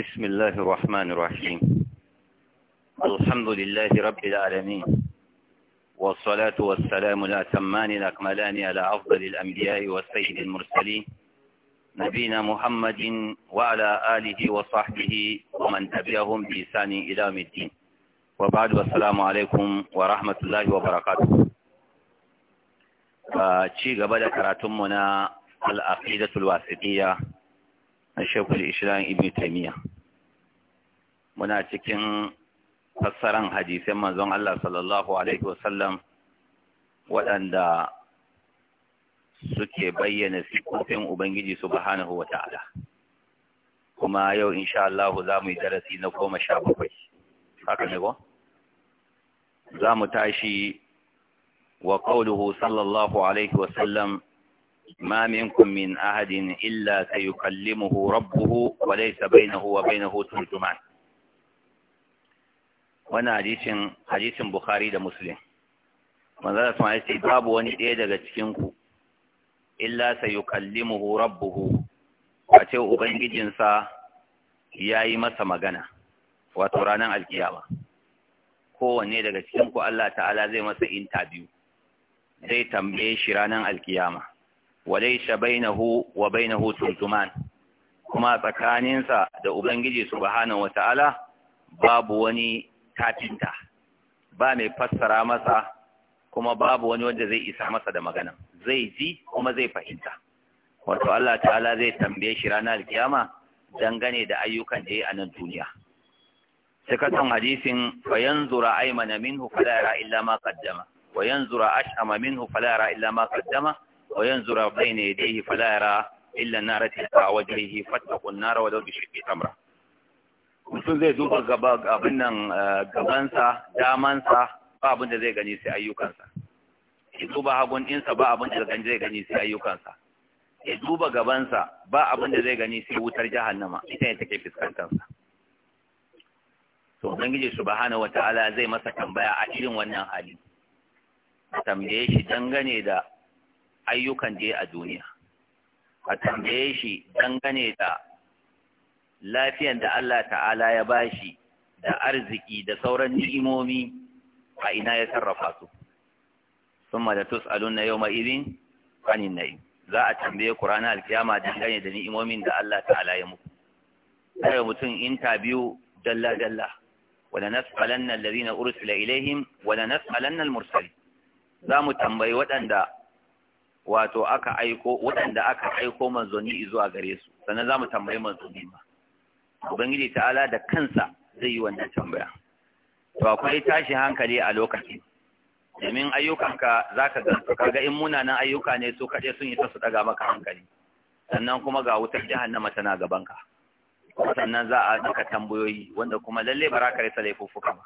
بسم الله الرحمن الرحيم الحمد لله رب العالمين والصلاة والسلام الأتمان الأكملان على أفضل الأنبياء والسيد المرسلين نبينا محمد وعلى آله وصحبه ومن تبعهم بإحسان إلى يوم الدين وبعد والسلام عليكم ورحمة الله وبركاته شيء قبل كراتمنا العقيدة الواسطية na shekul ishirin ibn taimiyya muna cikin fassaran hadisan manzon Allah sallallahu alaihi wasallam waɗanda suke bayyana siffofin ubangiji subhanahu wa kuma yau insha Allah za mu yi darasi na goma sha bakwai haka ne ko za mu tashi wa qawluhu sallallahu alaihi wasallam ما منكم من أحد إلا سيكلمه ربه وليس بينه وبينه ترجمان وانا حديث حديث بخاري ده مسلم manzara sun haice babu wani ɗaya daga cikinku illa sai yi kallimuhu rabbuhu a ce ubangijinsa ya yi masa magana wato ranar alkiyama kowanne daga cikinku Allah ta'ala zai masa intabiyu zai tambaye shi ranar alkiyama walaisha bainahu wa bainahu turjuman kuma tsakaninsa da ubangiji subhanahu wata'ala babu wani tafinta ba mai fassara masa kuma babu wani wanda zai isa masa da magana zai ji kuma zai fahimta wato Allah ta'ala zai tambaye shi ranar kiyama dangane da ayyukan da ya a nan duniya sikatan hadisin fa yanzura aymana minhu fala yara illa ma qaddama wa yanzura ashama minhu fala yara illa ma qaddama وينظر بين يديه فلا يرى إلا النار تلقى وجهه فاتقوا النار ولو بشق تمرة mutum zai duba gaba abin nan gabansa damansa ba abin da zai gani sai ayyukansa ya duba hagun ɗinsa ba abin da zai gani sai ayyukansa ya duba gabansa ba abin da zai gani sai wutar jahannama ita ne take fuskantarsa to ubangiji subhanahu wataala zai masa tambaya a irin wannan hali tambaye shi dangane da ayyukan da a duniya a tambaye shi dangane da lafiyan da Allah ta'ala ya bashi da arziki da sauran ni'imomi a ina ya sarrafa su summa da tus'aluna yawma idin anin na'im za a tambaye ku ranar alkiyama dangane da ni'imomin da Allah ta'ala ya muku kada mutum interview dalla dalla wala nas'alanna alladhina ursila ilaihim wala nas'alanna al-mursalin za mu tambayi waɗanda wato aka aiko waɗanda aka aiko manzoni zuwa gare su sannan za mu tambayi manzoni ma ubangiji ta'ala da kansa zai yi wannan tambaya to akwai tashi hankali a lokaci. domin ayyukanka za ka gansu ga in munanan ayyuka ne su kaɗe sun isa su ɗaga maka hankali sannan kuma ga wutar jahannama tana gabanka sannan za a duka tambayoyi wanda kuma lalle ba za ka rasa laifuffuka ba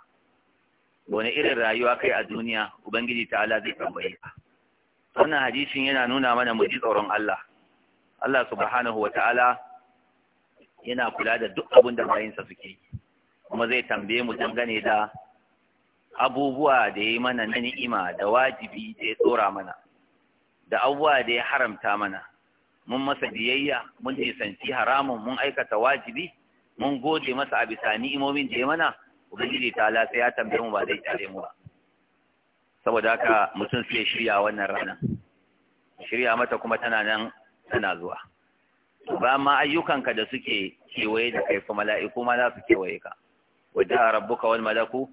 wani irin rayuwa kai a duniya ubangiji ta'ala zai tambaye ka wannan hadisin yana nuna mana mu ji tsoron Allah Allah subhanahu Ta'ala yana kula da duk abin da bayinsa suke kuma zai tambaye mu dangane da abubuwa da ya yi mana na ni'ima da wajibi da ya tsora mana da abubuwa da ya haramta mana mun masa biyayya mun nisanci haramun mun aikata wajibi mun gode masa a bisa ni'imomin da ya mana ubangiji ta sai ya tambaye mu ba zai tare mu ba saboda haka mutum sai shirya wannan rana. shirya mata kuma tana nan tana zuwa ba ma ayyukanka da suke kewaye da kai kuma mala'iku ma za su kewaye ka wajen a ka wani malaku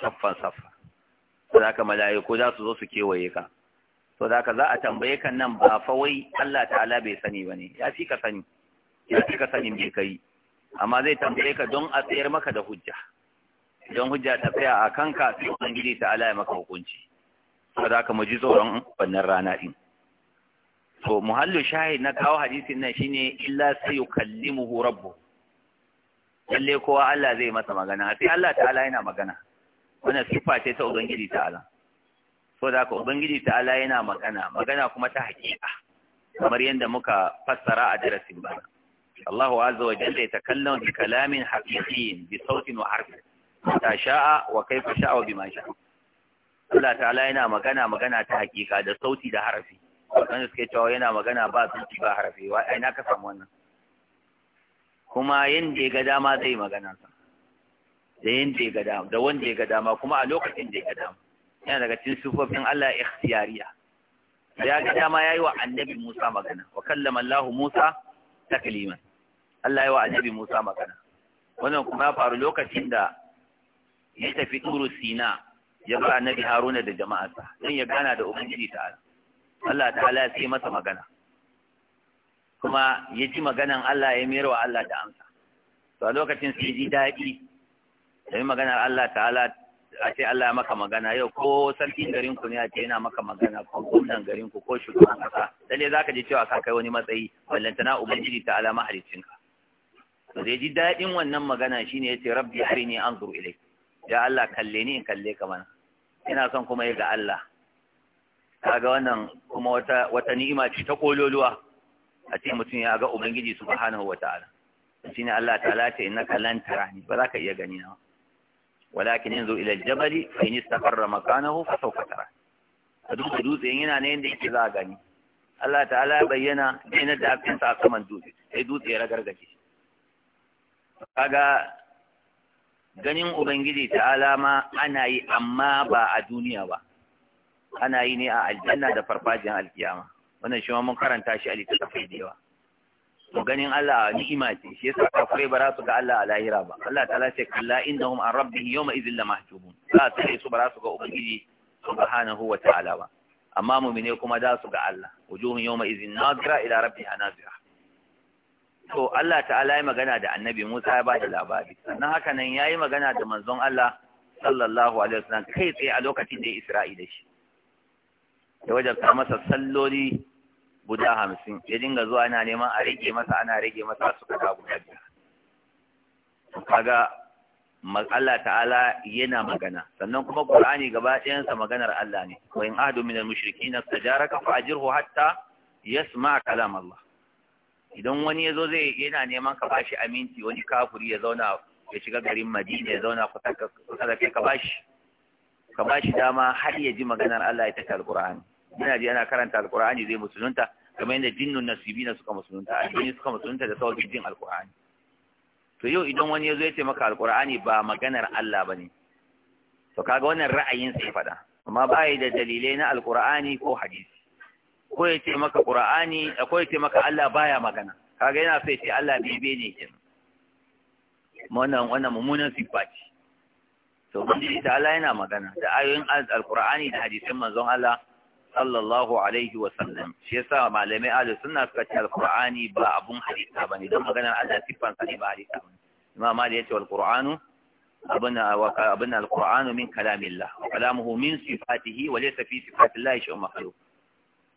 saffan saffa so da ka mala'iku za su zo su kewaye ka so haka za a tambaye kan nan ba fa wai Allah ta'ala bai sani ba ne ya fi ka sani ya fi ka sanin bai kai amma zai tambaye ka don a tsayar maka da hujja don hujja ta tsaya a kanka sai ubangiji ta'ala ya maka hukunci saboda haka mu ji tsoron wannan rana din to muhallu shahid na kawo hadisin nan shine illa sayukallimuhu rabbuh lalle kowa Allah zai masa magana sai Allah ta'ala yana magana wannan sifa ce ta ubangiji ta'ala so da ka ubangiji ta'ala yana magana magana kuma ta hakika kamar yadda muka fassara a darasin ba Allahu azza wa jalla yatakallamu bi kalamin haqiqiyyin bi sautin wa harfin ta sha'a wa kayfa sha'a wa bima sha'a Allah ta'ala yana magana magana ta hakika da sauti da harafi wanda suke cewa yana magana ba sauti ba harafi wa na ka samu wannan kuma yanda ya ga dama zai magana sa da yanda ya ga dama da wanda ya ga dama kuma a lokacin da ga dama yana daga cikin sufofin Allah ikhtiyariya ya ga dama yayi wa annabi Musa magana wa kallama Allah Musa taklima Allah yayi wa annabi Musa magana wannan kuma ya faru lokacin da ya tafi Turu Sina ya ba annabi haruna da jama'arsa don ya gana da ubangiji ta Allah ta'ala sai masa magana kuma ya ji maganan Allah ya mayar wa Allah da amsa to a lokacin sai ji daɗi da maganar Allah ta'ala a ce Allah ya maka magana yau ko sarki garin ku ne a ce yana maka magana ko gwamnan garin ku ko shugaban kasa za zaka ji cewa ka kai wani matsayi ballantana ubangiji ta ala halicin ka to da ji daɗin wannan magana shine ce rabbi harini anzuru ilayk ya Allah kalle ni in kalle ka mana ina son kuma yi ga Allah kaga wannan kuma wata wata ni'ima ce ta kololuwa a ce mutum ya ga ubangiji subhanahu wataala shine Allah ta'ala ta innaka lan tarani ba za ka iya gani na walakin yanzu ila aljabali fa in istaqarra makanahu fa sawfa tara duk da dutse yana ne inda yake za gani Allah ta'ala ya bayyana ne da afin sa saman dutse sai dutse ya ragargaje kaga ganin ubangiji ta alama ana yi amma ba a duniya ba ana yi ne a aljanna da farfajiyar alkiyama wannan shi ma mun karanta shi a littattafai da yawa to ganin Allah ni'ima ce shi yasa kafirai ba za su ga Allah a lahira ba Allah ta ce kalla innahum an rabbihim yawma idhil lamahjubun za su su ba za su ga ubangiji hana wa ta'ala ba amma mu'mine kuma za su ga Allah wujuhun yawma idhin Nazira, ila rabbiha Nazira. to Allah ta'ala ya magana da annabi Musa ya ba da labari sannan haka nan yi magana da manzon Allah sallallahu alaihi wasallam kai tsaye a lokacin da ya Isra'i da shi wajen masa salloli guda hamsin ya dinga zuwa ana neman a rage masa ana rage masa su da guda biyar kaga Allah ta'ala yana magana sannan kuma Qur'ani gaba ɗayansa maganar Allah ne wa in ahadu minal mushrikeena tajaraka fa ajirhu hatta yasma' kalam Allah idan wani ya zo zai yana neman ka bashi aminci wani kafuri ya zauna ya shiga garin madina ya zauna kusa da kai ka bashi ka bashi dama har ya ji maganar Allah ya tafi alqur'ani yana ji ana karanta alqur'ani zai musulunta kamar yadda jinnun nasibina suka musulunta addini suka musulunta da sauƙin jin alqur'ani to yau idan wani ya zo ya ce maka alqur'ani ba maganar Allah bane to kaga wannan ra'ayin sai fada amma ba da dalilai na alqur'ani ko hadisi ko ya ce maka qur'ani ko ya ce maka Allah baya magana kaga yana so ce Allah bebe ne kenan wannan wannan mummunan sifa ce to ubangiji ta Allah yana magana da ayoyin alƙur'ani da hadisin manzon Allah sallallahu alaihi wa sallam shi yasa malamai ahlus sunna suka ce alqur'ani ba abun hadisa bane don maganar Allah sifan sa ne ba hadisa bane imam mali yace alqur'anu abuna wa abuna alqur'anu min kalamillah wa kalamuhu min sifatihi wa laysa fi sifatillah shay'un makhluq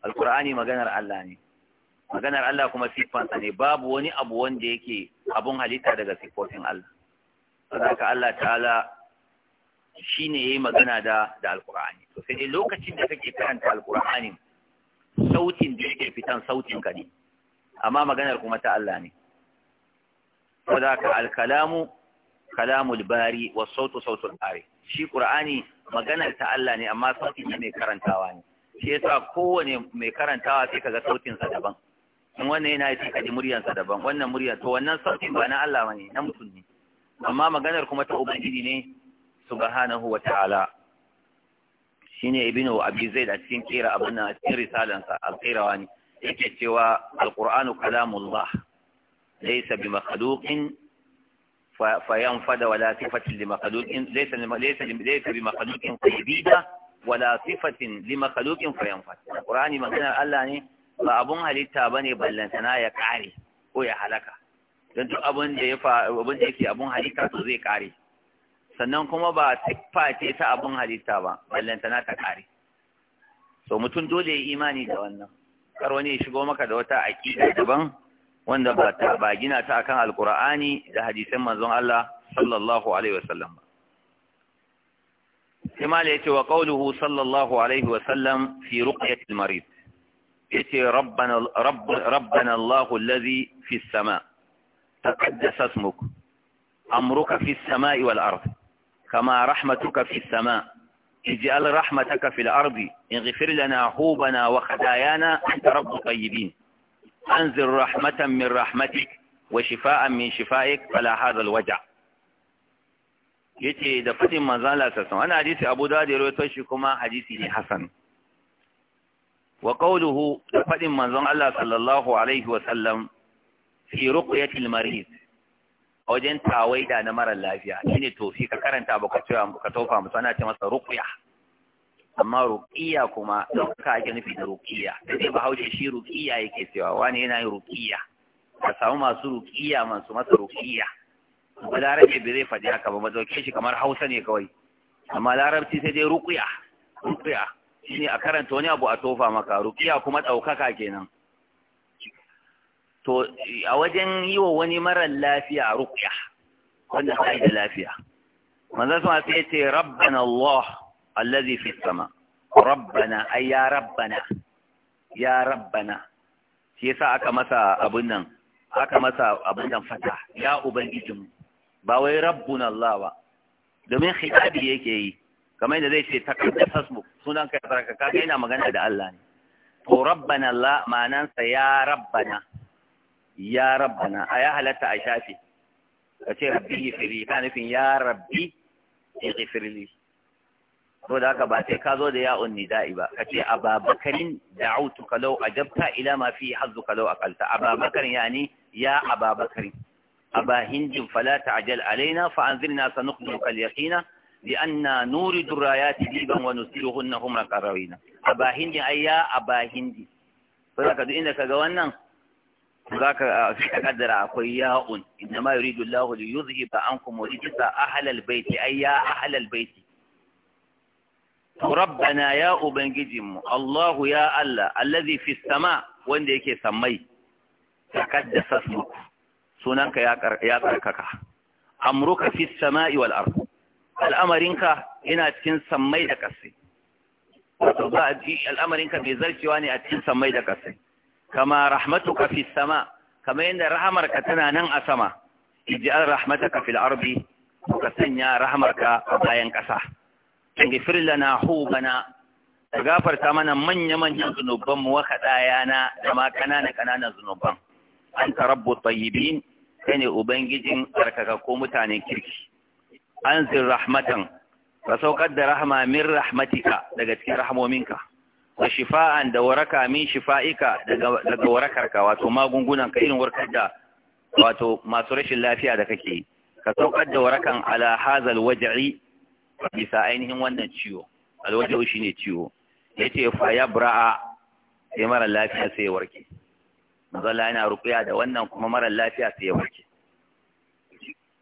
alkur'ani maganar Allah ne maganar Allah kuma siffansa ne babu wani abu wanda yake abun halitta daga siffofin Allah saboda Allah ta'ala shine yayi magana da da alkur'ani to sai dai lokacin da kake karanta alkur'ani sautin da yake fitan sautin ka ne amma maganar kuma ta Allah ne saboda alkalamu kalamul bari wa sautu sautul bari shi qur'ani maganar ta Allah ne amma sautin ne karantawa ne shi yasa kowane mai karantawa sai kaga sautin sa daban in wannan yana yi sai kaji muryan sa daban wannan muryan to wannan sautin ba na Allah bane na mutum ne amma maganar kuma ta ubangiji ne subhanahu wa ta'ala shine ibnu abi zaid a cikin kira abin nan a cikin risalan sa al-qirawani yake cewa al-qur'anu kalamullah laysa bi makhluqin فينفد ولا صفة لمخلوق ليس ليس ليس بمخلوق قيبيدة wala sifatin li makhluqin fa yanfat qur'ani magana Allah ne ba abun halitta bane ballantana ya kare ko ya halaka don duk abin da ya abin da yake abun halitta to zai kare sannan kuma ba siffa ce ta abun halitta ba ballantana ta kare so mutum dole ya imani da wannan kar wani ya shigo maka da wata aqida daban wanda ba ta ba gina ta akan alqur'ani da hadisan manzon Allah sallallahu alaihi wasallam كما يأتي وقوله صلى الله عليه وسلم في رقية المريض يأتي ربنا, رب ربنا الله الذي في السماء تقدس اسمك أمرك في السماء والأرض كما رحمتك في السماء اجعل رحمتك في الأرض اغفر لنا حوبنا وخدايانا أنت رب الطيبين أنزل رحمة من رحمتك وشفاء من شفائك فلا هذا الوجع yace da fadin manzo Allah sallallahu alaihi hadisi Abu Dawud ya rawaito shi kuma hadisi ne hasan wa qawluhu da fadin manzo Allah sallallahu alaihi wa sallam fi ruqyati al-marid wajen tawaida na mara lafiya shine tofi ka karanta ka cewa ka tofa musu sana ce masa ruqya amma ruqiyya kuma don ka ake nufi da ruqiyya sai ba bahaushe shi ruqiyya yake cewa wani yana yin ruqiyya ka samu masu ruqiyya masu masa ruqiyya ba larabci bai zai faɗi haka ba ba dauke shi kamar hausa ne kawai amma larabci sai dai rukuya shi shine a karanta wani abu a tofa maka rukuya kuma ɗaukaka kenan to a wajen yi wa wani marar lafiya rukuya wanda sai da lafiya manzon suna sai ce rabbana allah allazi fi sama rabbana ay ya rabbana ya rabbana shi yasa aka masa abun nan aka masa abin nan fata ya ubangijin ba wai rabbun Allah ba domin hitabi yake yi kamar yadda zai ce takardar hasbu sunan ka baraka ga yana magana da Allah ne to rabbana Allah ma'anan sa ya rabbana ya rabbana aya halatta a shafi Ka ce rabbi fili ka nufin ya rabbi ighfirli to da haka ba sai ka zo da ya unni da'i ba Ka ce ababakarin da'utuka law ajabta ila ma fi hazzuka law aqalta ababakarin yani ya ababakarin أبا هند فلا تعجل علينا فأنذرنا سنخبرك اليقين لأن نورد الرايات ديبا ونسيرهن هم القراوين أبا هند أي أبا هند فذاك إنك جوانا ذاك قدر أقول ياء إنما يريد الله ليذهب عنكم رجس أهل البيت أي أهل البيت ربنا يا أبنجدم الله يا الله الذي في السماء وين يكي سمي تقدس اسمك sunanka ya tsarkaka amruka fi sama'i wal ardh al'amarinka yana cikin sammai da ƙasai wato za a ji al'amarinka mai zarcewa ne a cikin sammai da ƙasai kama rahmatuka fi sama kama yadda rahamarka tana nan a sama ij'al rahmataka fil ardi ka sanya rahamarka a bayan ƙasa ighfir lana hubana ka gafarta mana manya manyan zunuban mu wa kadayana da ma kanana kananan zunuban anta rabbu tayyibin kai ne ubangijin tsarkaka ko mutanen kirki an zin rahmatan ka saukar da rahama min rahmatika daga cikin rahamominka, wa shifa'an da waraka min shifa'ika daga warakarka wato magungunan ka irin warkar da wato masu rashin lafiya da kake ka saukar da warakan ala hazal bisa ainihin wannan ciwo shi ne ciwo Ya ce fa ya bura'a sai mara lafiya sai warke mazalla yana rukuya da wannan kuma mara lafiya sai ya wuce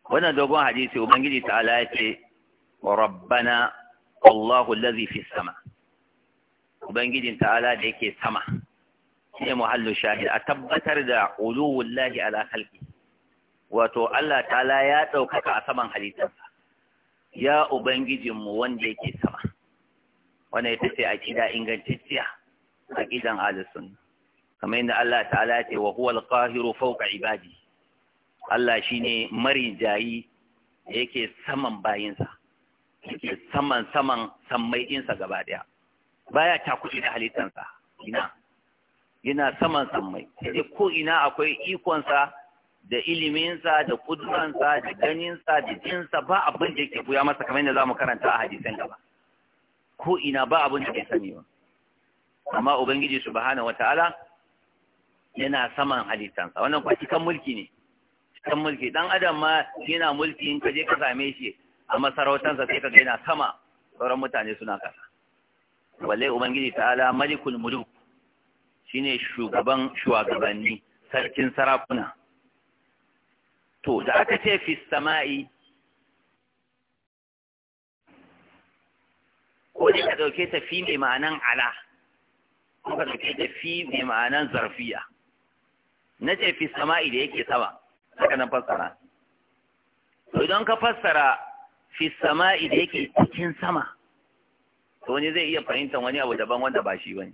wannan dogon hadisi ubangiji ta'ala ya ce rabbana wallahu lazi fi sama ubangijin ta'ala da yake sama ne muhallu shahid a tabbatar da uluwullahi ala halki wato Allah ala ya ɗaukaka a saman halittarsa ya ubangijinmu wanda yake sama ya tafi ce aqida ingantacciya a gidan sunna kamar yadda Allah ta'ala ya ce wa huwa al-qahiru fawqa ibadi Allah shine marijayi jayi yake saman bayinsa yake saman saman sammai insa gaba daya baya takuɗi da halittansa ina yana saman sammai sai ko ina akwai ikonsa da iliminsa da sa da ganinsa da sa ba abin da yake buya masa kamar yadda za mu karanta a hadisan gaba ko ina ba abin da ke sani ba amma ubangiji subhanahu wataala yana saman halittansa wannan kwa cikin mulki ne Cikin mulki dan adam ma yana mulki in ka je ka same shi a masarautansa sai ka ga yana sama sauran mutane suna kasa walle ubangiji ta'ala malikul muluk shine shugaban shugabanni sarkin sarakuna to da aka ce fi sama'i ko dai ka dauke ta fi mai ma'anan ala ko ka dauke ta fi mai ma'anan zarfiya na ce fi sama'i da yake sama haka na fassara to idan ka fassara fi sama'i da yake cikin sama to wani zai iya fahimtar wani abu daban wanda ba shi bane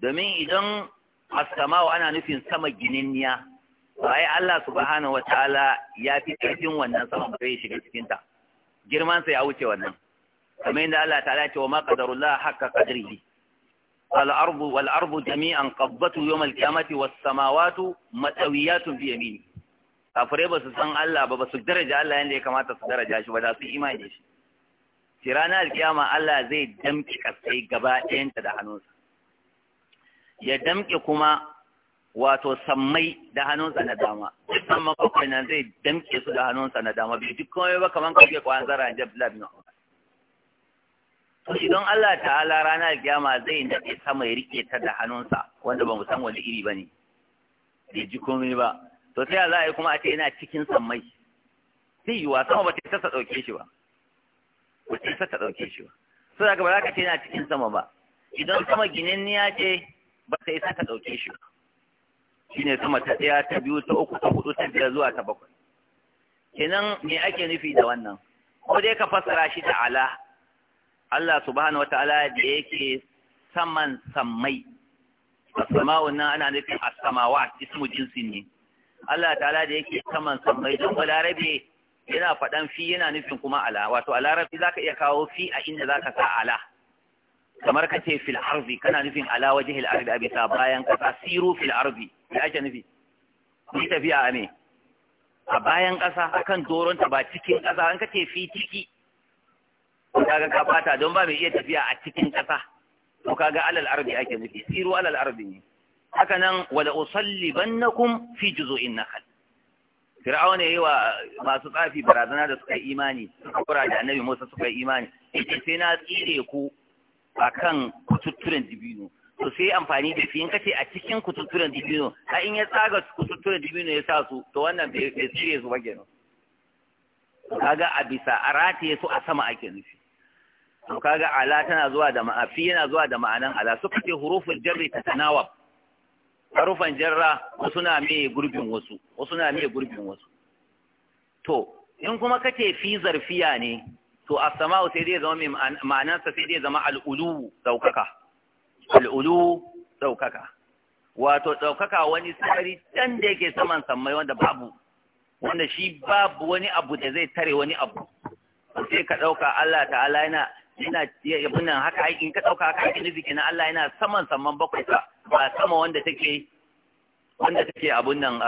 domin idan as-sama'u ana nufin sama gininniya to ai Allah subhanahu wataala ya fi cikin wannan sama ba zai shiga cikin ta girman sa ya wuce wannan kamar inda Allah ta'ala ce wa ma qadarullah haqqa qadrihi Al'arbu الأرض والأرض جميعا قبضته يوم القيامة والسماوات متويات بيمينه kafirai ba su san Allah ba ba su daraja Allah yadda ya kamata su daraja shi ba za su imani shi shi ranar alkiyama Allah zai damƙe kasai gaba ɗayanta da hannunsa ya damƙe kuma wato sammai da hannunsa na dama duk samman bakwai nan zai damƙe su da hannunsa na dama bai duk kawai ba kamar kake kwayan zara in jabla bin to idan Allah ta'ala ranar kiyama zai nade sama ya rike ta da hannunsa wanda ba mu san wani iri bane bai ji komai ba to sai Allah ya kuma a ce ina cikin sammai zai yiwa sama ba ta ta dauke shi ba ba ta ta dauke shi ba so daga ba za ka ce ina cikin sama ba idan sama ginanniya ce ba ta isa ta dauke shi ba shine sama ta ɗaya ta biyu ta uku ta hudu ta biyar zuwa ta bakwai kenan me ake nufi da wannan ko dai ka fassara shi da ala Allah subhanahu wataala da yake saman sammai as-sama'un nan ana nufin a samawa ismu jinsi ne Allah ta'ala da yake saman sammai don Larabe yana faɗan fi yana nufin kuma ala wato a za ka iya kawo fi a inda za ka sa ala kamar ka ce fil arzi kana nufin ala waje hil arzi a bisa bayan ƙasa siru fil arzi da ake nufi ni tafiya a ne a bayan ƙasa akan doron ta ba cikin ƙasa an ka ce fi ciki kaga ka kafata don ba mai iya tafiya a cikin ƙasa to kaga alal arbi ake nufi siru alal arbi ne haka nan wala usallibannakum fi juzu'in nakhl Fir'aun ya yi wa masu tsafi barazana da suka yi imani suka kura da annabi Musa suka yi imani yace sai na tsire ku akan kututturen dibino to sai amfani da fiyin kace a cikin kututturen dibino a in ya tsaga kututturen dibino ya sa su to wannan bai tsire su ba kenan kaga a bisa a rataye su a sama ake nufi to kaga ala tana zuwa da ma'afi yana zuwa da ma'anan ala suka ce huruful jarri tatanawab harufan jarra wasu na mai gurbin wasu wasu na mai gurbin wasu to in kuma kace fi zarfiya ne to as-sama'u sai dai zama ma'anarsa sai dai zama al-ulu daukaka al-ulu daukaka wato daukaka wani tsari can da yake saman samai wanda babu wanda shi babu wani abu da zai tare wani abu sai ka dauka Allah ta'ala yana yana ya nan haka aikin ka dauka haka aikin nufi kenan Allah yana saman saman bakwai ka ba sama wanda take wanda take abun nan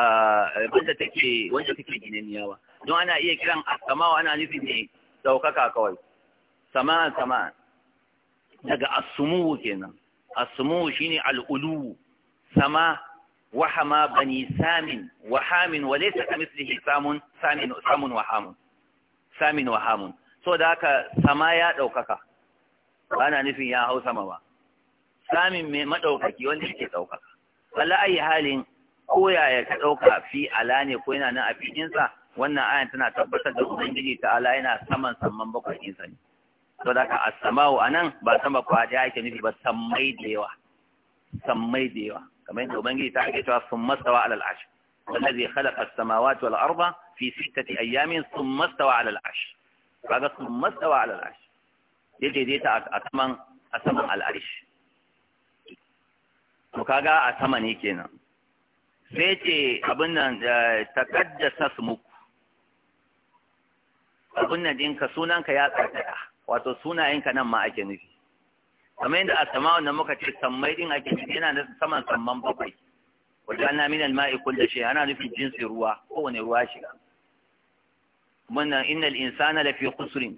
wanda take wanda take ginaniya ba don ana iya kiran as-sama ana nufin ne ka kawai sama sama daga as kenan as shine al-ulu sama وحما بني سام وحام وليس كمثله samun سام samun wahamun samin wahamun. so da haka sama ya ɗaukaka ba na nufin ya hau sama ba samin mai maɗaukaki wanda yake ɗaukaka ala ayi halin ko yaya ka ɗauka fi ala ne ko yana nan a fikinsa wannan ayan tana tabbatar da ubangiji ta ala yana saman saman bakwai ne so da aka as a nan ba sama kwaje yake nufi ba sammai da yawa sammai da yawa kamar yadda ubangiji ta ake cewa sun masawa alal ashi wanda zai as samawa wal al'arba fi sitati ayyamin sun masawa alal ashi kaga sun matsawa ala al'arsh ya ta a saman a saman al'arsh to kaga a sama ne kenan sai ce abin nan eh, taqaddasa smuk abin nan sunan sunanka ya tsarkaka wato sunayenka nan ma ake nufi kamar yadda a sama wanda muka ce sammai din ake nufi yana da saman samman bakwai wajen na ma'aikun da shi ana nufin jinsi ruwa kowane ruwa shiga munna innal insana lafi khusrin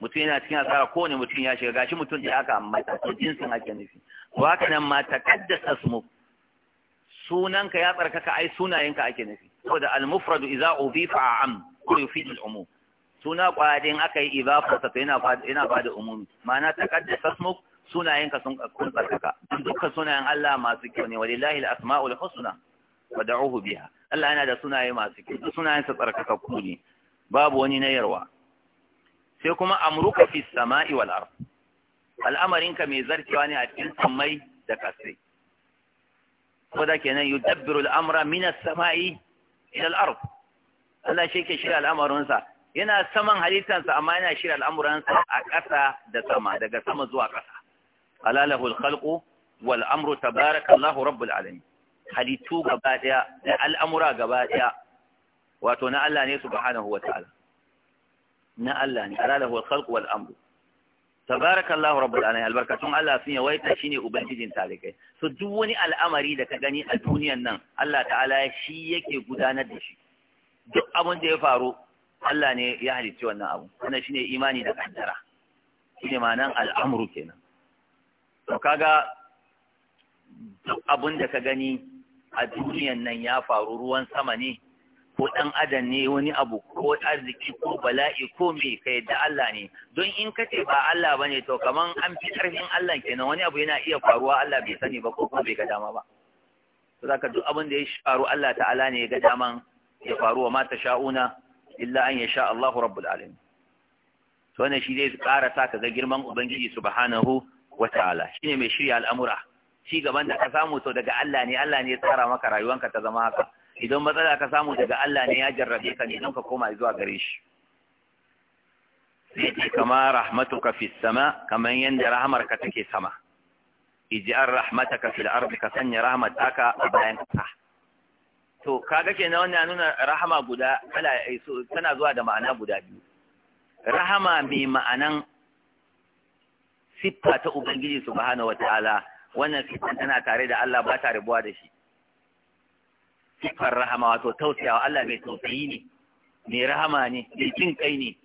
mutum yana cikin asara kowane mutum ya shiga gashi mutum da aka ambata to sun ake nufi to haka nan ma taqaddasa ismuk sunanka ya tsarkaka ai sunayenka ake nufi saboda al-mufradu idza udifa am ko yufidu al-umum suna kwadin aka yi idafarsa to yana yana bada umumi ma'ana taqaddasa ismuk sunayenka sun kun tsarkaka dukkan sunayen Allah masu kyau ne walillahi al-asma'ul husna wad'uhu biha Allah yana da sunaye masu kyau duk sunayensa tsarkaka ku ne babu wani na yarwa sai kuma amruka fi sama'i wal ard al'amarinka mai zarcewa ne a cikin sammai da kasai ko kenan yudabbiru al'amra min as-sama'i ila al-ard Allah shi ke shirya al'amarinsa yana saman halittansa amma yana shirya al'amuransa a ƙasa da sama daga sama zuwa ƙasa alalahu al-khalqu wal amru tabarakallahu rabbul alamin halittu gaba daya da al'amura gaba daya wato na Allah ne subhanahu wataala na Allah ne ala lahu al-khalq wal amr tabarakallahu rabbul alamin albarkatun Allah sun waita shine ubangijin talikai so duk wani al'amari da ka gani a duniyan nan Allah ta'ala shi yake gudanar da shi duk abin da ya faru Allah ne ya halicci wannan abu wannan shine imani da kaddara shine ma'anan al'amru kenan to kaga duk abin da ka gani a duniyan nan ya faru ruwan sama ne ko ɗan adam ne wani abu ko arziki ko bala'i ko mai ka yadda Allah ne don in ka ce ba Allah ba ne to kaman an fi ƙarfin Allah kenan wani abu yana iya faruwa Allah bai sani ba ko kuma bai ga dama ba to zaka duk abin da ya faru Allah ta'ala ne ya ga daman ya faru wa mata sha'una illa an yasha Allah rabbul alamin to wannan shi zai ƙara sa ka ga girman ubangiji subhanahu wa ta'ala shine mai shirya al'amura ci gaban da ka samu to daga Allah ne Allah ne ya tsara maka rayuwanka ta zama haka idan matsala ka samu daga Allah ne ya jarrabe ka ne don ka koma zuwa gare shi sai kama rahmatuka fi sama kamar yadda rahamarka take sama ij'al rahmataka fil ardi ka sanya rahmataka a bayan kasa to kaga kenan wannan nuna rahama guda kala tana zuwa da ma'ana guda biyu rahama mai ma'anan siffa ta ubangiji subhanahu wataala wannan siffa tana tare da Allah ba ta rabuwa da shi sifar rahama wato tausayawa Allah mai tausayi ne mai rahama ne mai jin kai ne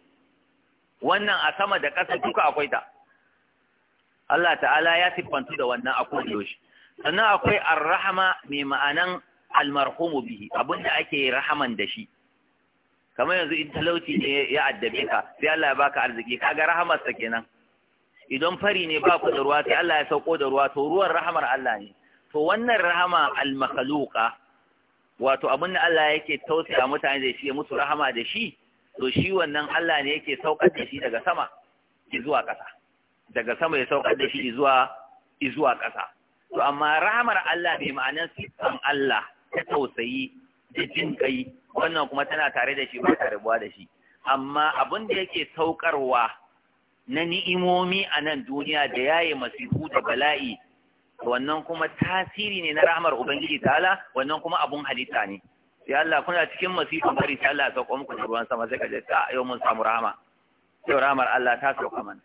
wannan a sama da ƙasa duka akwai ta Allah ta'ala ya siffantu da wannan akwai yoshi. sannan akwai ar-rahama mai ma'anan almarhumu bihi abinda ake rahaman da shi kamar yanzu in talauci ne ya addabe ka sai Allah ya baka arziki kaga rahamar sa kenan idan fari ne ba ku da ruwa sai Allah ya sauko da ruwa to ruwan rahamar Allah ne to wannan rahama al-makhluqa wato abin da Allah yake tausaya mutane da shi ya musu rahama da shi to shi wannan Allah ne yake saukar da shi daga sama zuwa ƙasa daga sama ya saukar da shi zuwa zuwa ƙasa to amma rahamar Allah bai ma'anar sifan Allah ta tausayi da jin kai wannan kuma tana tare da shi ba ta rabuwa da shi amma abin da yake saukarwa na ni'imomi a nan duniya da yaye masifu da bala'i wannan kuma tasiri ne na rahmar ubangiji ta'ala wannan kuma abun halitta ne Ya Allah kuna cikin masifin bari ta Allah ya sauko muku da ruwan sama sai ka je ta yau mun samu rahama yau rahmar Allah ta sauka mana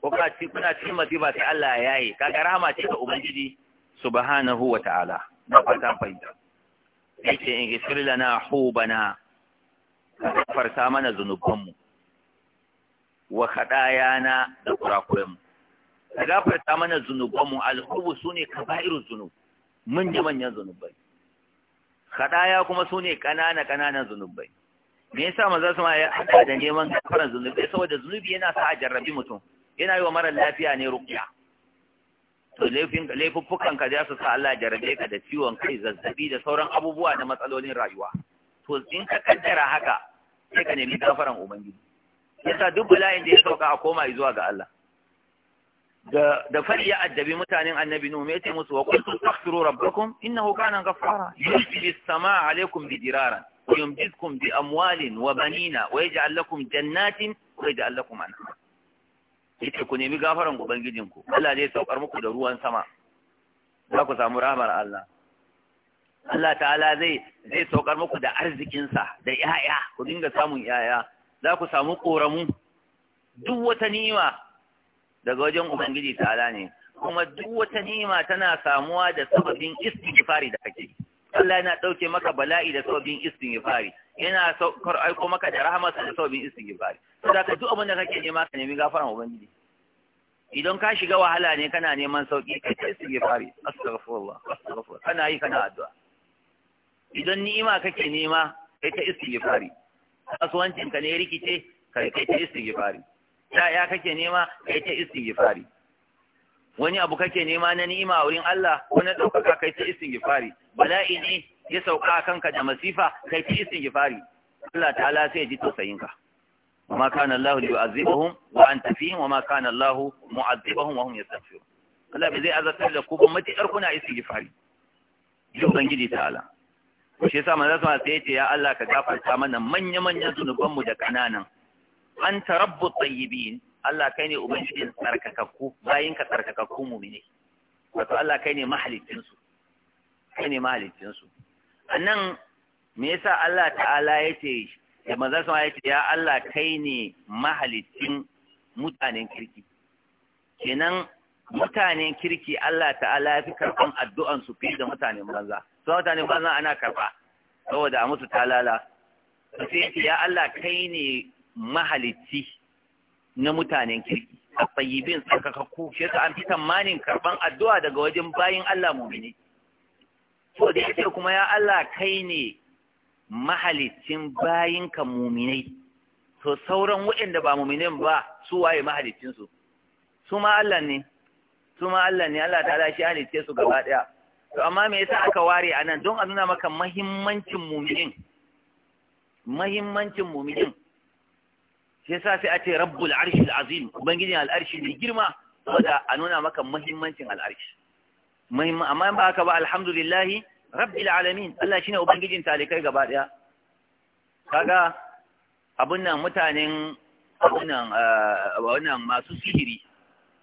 ko ka ci kuna cikin masifa sai Allah ya yaye kaga rahama ce ga ubangiji subhanahu wa ta'ala da fatan fahimta sai ce in gisir lana hubana ka farta mana zunubanmu wa khadayana da mu. ka gafarta mana zunubanmu alhubu su ne kaba'irun zunub Mun ji manyan zunubai kaɗaya kuma su ne ƙanana-ƙananan zunubai me yasa maza su ma ya haɗa da neman gafaran zunubai saboda zunubi yana sa a jarrabi mutum yana yi wa mara lafiya ne rukiya to laifuffukan ka za su sa Allah jarrabe ka da ciwon kai zazzabi da sauran abubuwa na matsalolin rayuwa to in ka kaddara haka sai ka nemi gafaran ubangiji yasa duk bala'in da ya sauka a koma zuwa ga Allah da fari ya addabi mutanen annabi nuhu ce musu wa qultu astaghfiru rabbakum innahu kana ghaffara yursilis samaa alaykum bidiraran wa yumdidkum bi amwalin wa banina wa yaj'al lakum jannatin wa yaj'al lakum anhar yace ku nemi gafaran ubangijinku Allah zai saukar muku da ruwan sama za ku samu rahmar Allah Allah ta'ala zai zai saukar muku da arzikinsa da ‘ya'ya, ku dinga samun ‘ya'ya, za ku samu ƙoramu, duk wata ni'ima daga wajen ubangiji ta'ala ne kuma duk wata ni'ima tana samuwa da sababin fari da kake Allah yana ɗauke maka bala'i da sababin fari. yana saukar aiko maka da rahama da sababin istighfari saboda ka duk abin da kake nema ka nemi gafaran ubangiji idan ka shiga wahala ne kana neman sauki kai ta istighfari astaghfirullah astaghfirullah kana yi kana addu'a idan ni'ima kake nema kai ta istighfari kasuwancin ka ne rikice kai ta fari. da ya kake nema kai ta istighfari wani abu kake nema na ni'ima a wurin Allah ko na ɗaukaka kai ta istighfari bala'i ne ya sauka kanka da masifa kai ta istighfari Allah ta'ala sai ya ji tausayinka وما wa anta ليعذبهم wa ma kana Allah mu'azibuhum wa hum yastaghfirun Allah bai zai azabtar da ku ba matuƙar kuna istighfari ji gidi ta'ala shi yasa manzo sai ya ce ya Allah ka gafarta mana manya manyan zunubanmu da kananan an rabbu tayyibin Allah kai ne ubangijin tsarkakakku bayin ka tsarkakakku mumine wato Allah kai ne mahalicin su kai ne mahalicin su annan me yasa Allah ta'ala yace da manzo sa yace ya Allah kai ne mahalicin mutanen kirki kenan mutanen kirki Allah ta'ala ya fi karban addu'an su fi da mutanen banza su mutanen banza ana karba saboda a musu talala sai ya Allah kai ne mahalicci na mutanen kirki a tsayibin tsarkakakku shi yasa an fi tsammanin karban addu'a daga wajen bayin Allah mumini to da yake kuma ya Allah kai ne mahalicin bayinka muminai to sauran waɗanda ba muminin ba su waye mahalicin su su ma Allah ne su ma Allah ne Allah ta'ala shi halicce su gaba daya to amma me yasa aka ware anan don a nuna maka muhimmancin muminin muhimmancin muminin Sai yasa sai a ce rabbul arshil azim ubangiji al'arshi mai girma saboda a nuna maka muhimmancin al'arshi muhimmin amma ba haka ba alhamdulillah rabbil alamin Allah shine ubangijin talikai gaba daya kaga abun nan mutanen abun nan wannan eh, masu sihiri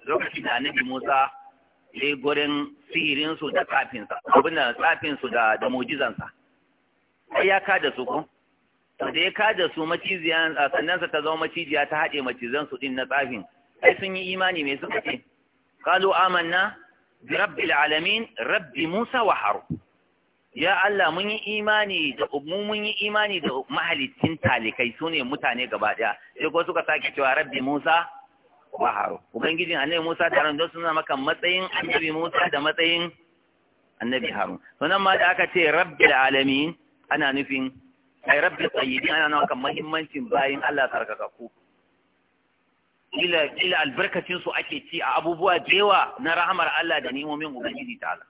lokacin da annabi Musa ya gurin sihirin su da tsafinsa abun nan tsafin su da da mu'jizansa ai ya kada su ko to da ka da su maciziya sannan ta zama maciziya ta haɗe macizan su din na tsafin sai sun yi imani mai suka ce qalu amanna bi rabbil alamin rabbi musa wa Haru. ya Allah mun yi imani da mu mun yi imani da mahalicin talikai sune mutane gaba daya sai ko suka sake cewa rabbi musa wa haru ubangiji annabi musa da ran don suna maka matsayin annabi musa da matsayin annabi harun sannan ma da aka ce rabbil alamin ana nufin ai rabbi tsayyidi ana nawa kan mahimmancin bayin Allah ku ila ila albarkatin su ake ci a abubuwa jewa na rahmar Allah da nimomin ubangiji ta'ala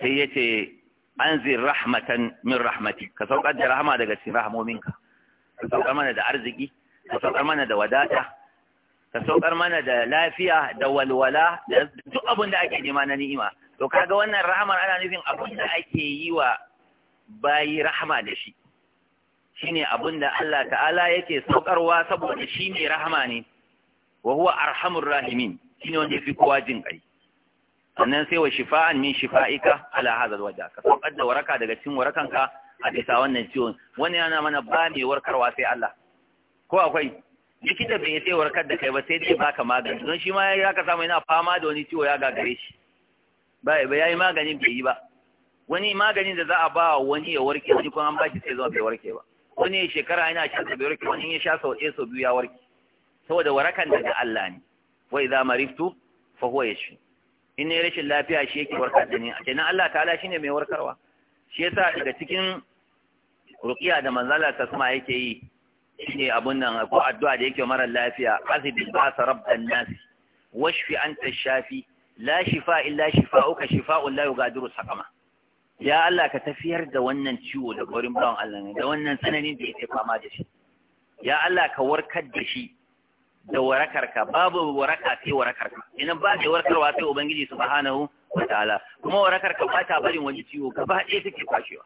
sai yace anzir rahmatan min rahmati ka saukar da rahama daga cikin rahmominka ka saukar mana da arziki ka saukar mana da wadata ka saukar mana da lafiya da walwala da duk abin da ake nema na ni'ima to kaga wannan rahamar ana nufin abin da ake yi wa bayi rahama da shi ne abin da Allah ta'ala yake saukarwa saboda shi mai rahama ne wa huwa arhamur rahimin ne wanda fi kowa jin kai sannan sai wa shifa'an min shifa'ika ala hadha alwaja ka saukar da waraka daga cikin warakanka a bisa wannan ciwon wani yana mana ba mai warkarwa sai Allah ko akwai likita bai sai warkar da kai ba sai dai baka magani don shi ma ya ka samu yana fama da wani ciwo ya gagare shi ba ya yi magani bai yi ba wani maganin da za a ba wani ya warke wani kuma an ba bashi sai zama bai warke ba wani ya shekara yana shan sa bai warke wani ya sha sau ɗaya sau biyu ya warke saboda warakan daga Allah ne wa idza mariftu fa huwa yashfi in ne rashin lafiya shi yake warkar da ni a kenan Allah ta'ala shine mai warkarwa shi yasa daga cikin ruqiya da manzala ta sama yake yi shine abun nan ko addu'a da yake mara lafiya azibil ba'sa rabban nas washfi anta shafi la shifa illa shifa'uka shifa'un la yughadiru saqama ya Allah ka tafiyar da wannan ciwo da gurin bawan Allah ne da wannan tsananin da yake fama da shi ya Allah ka warkar da shi da warakarka babu waraka sai warakarka idan ba da warkarwa sai ubangiji subhanahu wataala kuma warakarka ba ta barin wani ciwo gaba ɗaya take kwashewa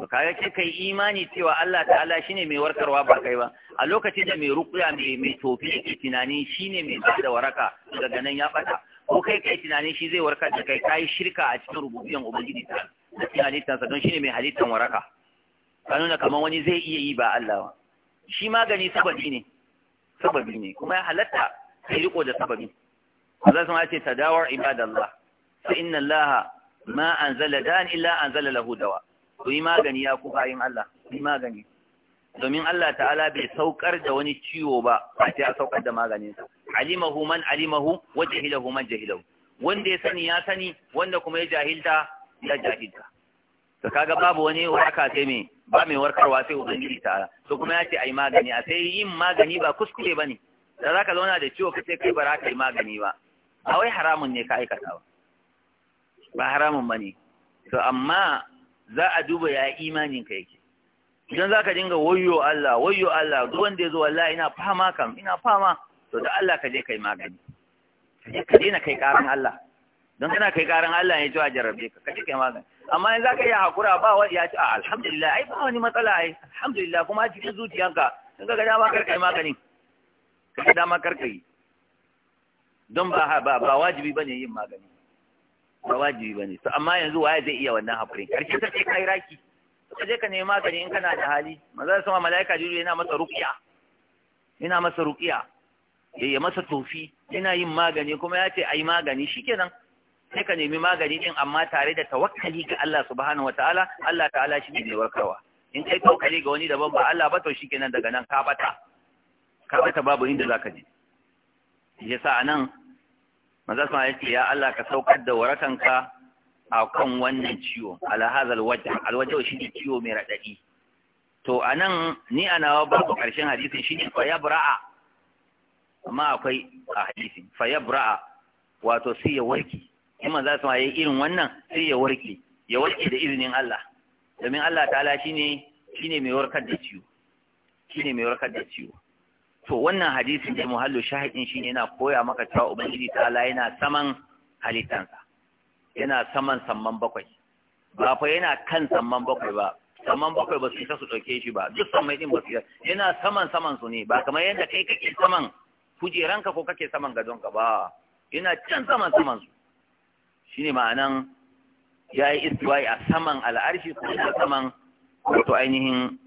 to kaga ce kai imani cewa Allah ta'ala shine mai warkarwa ba kai ba a lokacin da mai ruqya mai mai tofi yake tunani shine mai da waraka daga nan ya fata ko kai kai tunanin shi zai warkar da kai kai shirka a cikin rububiyan ubangiji ta a cikin halittarsa don shine mai halittar waraka ka nuna kamar wani zai iya yi ba Allah ba shi magani sababi ne sababi ne kuma ya halatta sai riko da sababi Allah sun ce tadawar ibadallah fa inna Allah ma anzala dan illa anzala lahu dawa ku yi magani ya ku bayin Allah ku yi magani domin Allah ta'ala bai saukar da wani ciwo ba ba sai ya saukar da maganinsa alimahu man alimahu wa jahilahu man jahilahu wanda ya sani ya sani wanda kuma ya jahilta ya jahilta to kaga babu wani waraka sai me ba mai warkarwa sai ubangiji ta to kuma ya ce ai magani a sai yin magani ba kuskure bane da zaka zauna da ciwo sai kai ba za ka yi magani ba a wai haramun ne ka aikata ba ba haramun bane to amma za a duba ya imanin ka yake idan zaka dinga wayyo Allah wayyo Allah duk wanda yazo wallahi ina fama kam ina fama to da Allah ka je kai magani ka daina kai karin Allah don kana kai karin Allah ne cewa jarrabe ka kaje kai magani amma in zaka yi hakura ba wa ya ce a alhamdulillah ai ba wani matsala ai alhamdulillah kuma a cikin zuciyanka in ka ga dama kar kai magani ka ga dama kar kai don ba ba ba wajibi bane yin magani ba wajibi bane to amma yanzu waye zai iya wannan hakurin karshe ta ce kai raki ka je ka nemi magani in kana da hali maza sama malaika jibril yana masa ruqiya yana masa ruqiya ya masa tofi yana yin magani kuma ya ce ai magani shi kenan sai ka nemi magani din amma tare da tawakkali ga Allah subhanahu wataala Allah ta'ala shi ne mai warkarwa in kai tawakkali ga wani daban ba Allah ba to kenan daga nan ka bata ka bata babu inda zaka je yasa anan maza sama yace ya Allah ka saukar da warakanka a kan wannan ciwo ala hadha alwajh shi ne ciwo mai radadi to anan ni anawa babu karshen hadisin shi ne fa yabra'a amma akwai a hadisi fa yabra'a wato sai ya warke in manzo su yayi irin wannan sai ya warke ya warke da izinin Allah domin Allah ta'ala shine shine mai warkar da ciwo shine mai warkar da ciwo to wannan hadisin da muhallu shahidin shine yana koya maka cewa ubangiji ta'ala yana saman halittansa yana saman samman bakwai ba fa yana kan samman bakwai ba saman bakwai ba su kasu su shi ba duk saman din ba su yana saman saman su ne ba kamar yadda kai kake saman kujeranka ko kake saman gadonka ba ina can saman saman su shine ma'anan ya yi istiwa'i a saman al'arshi ko a saman wato ainihin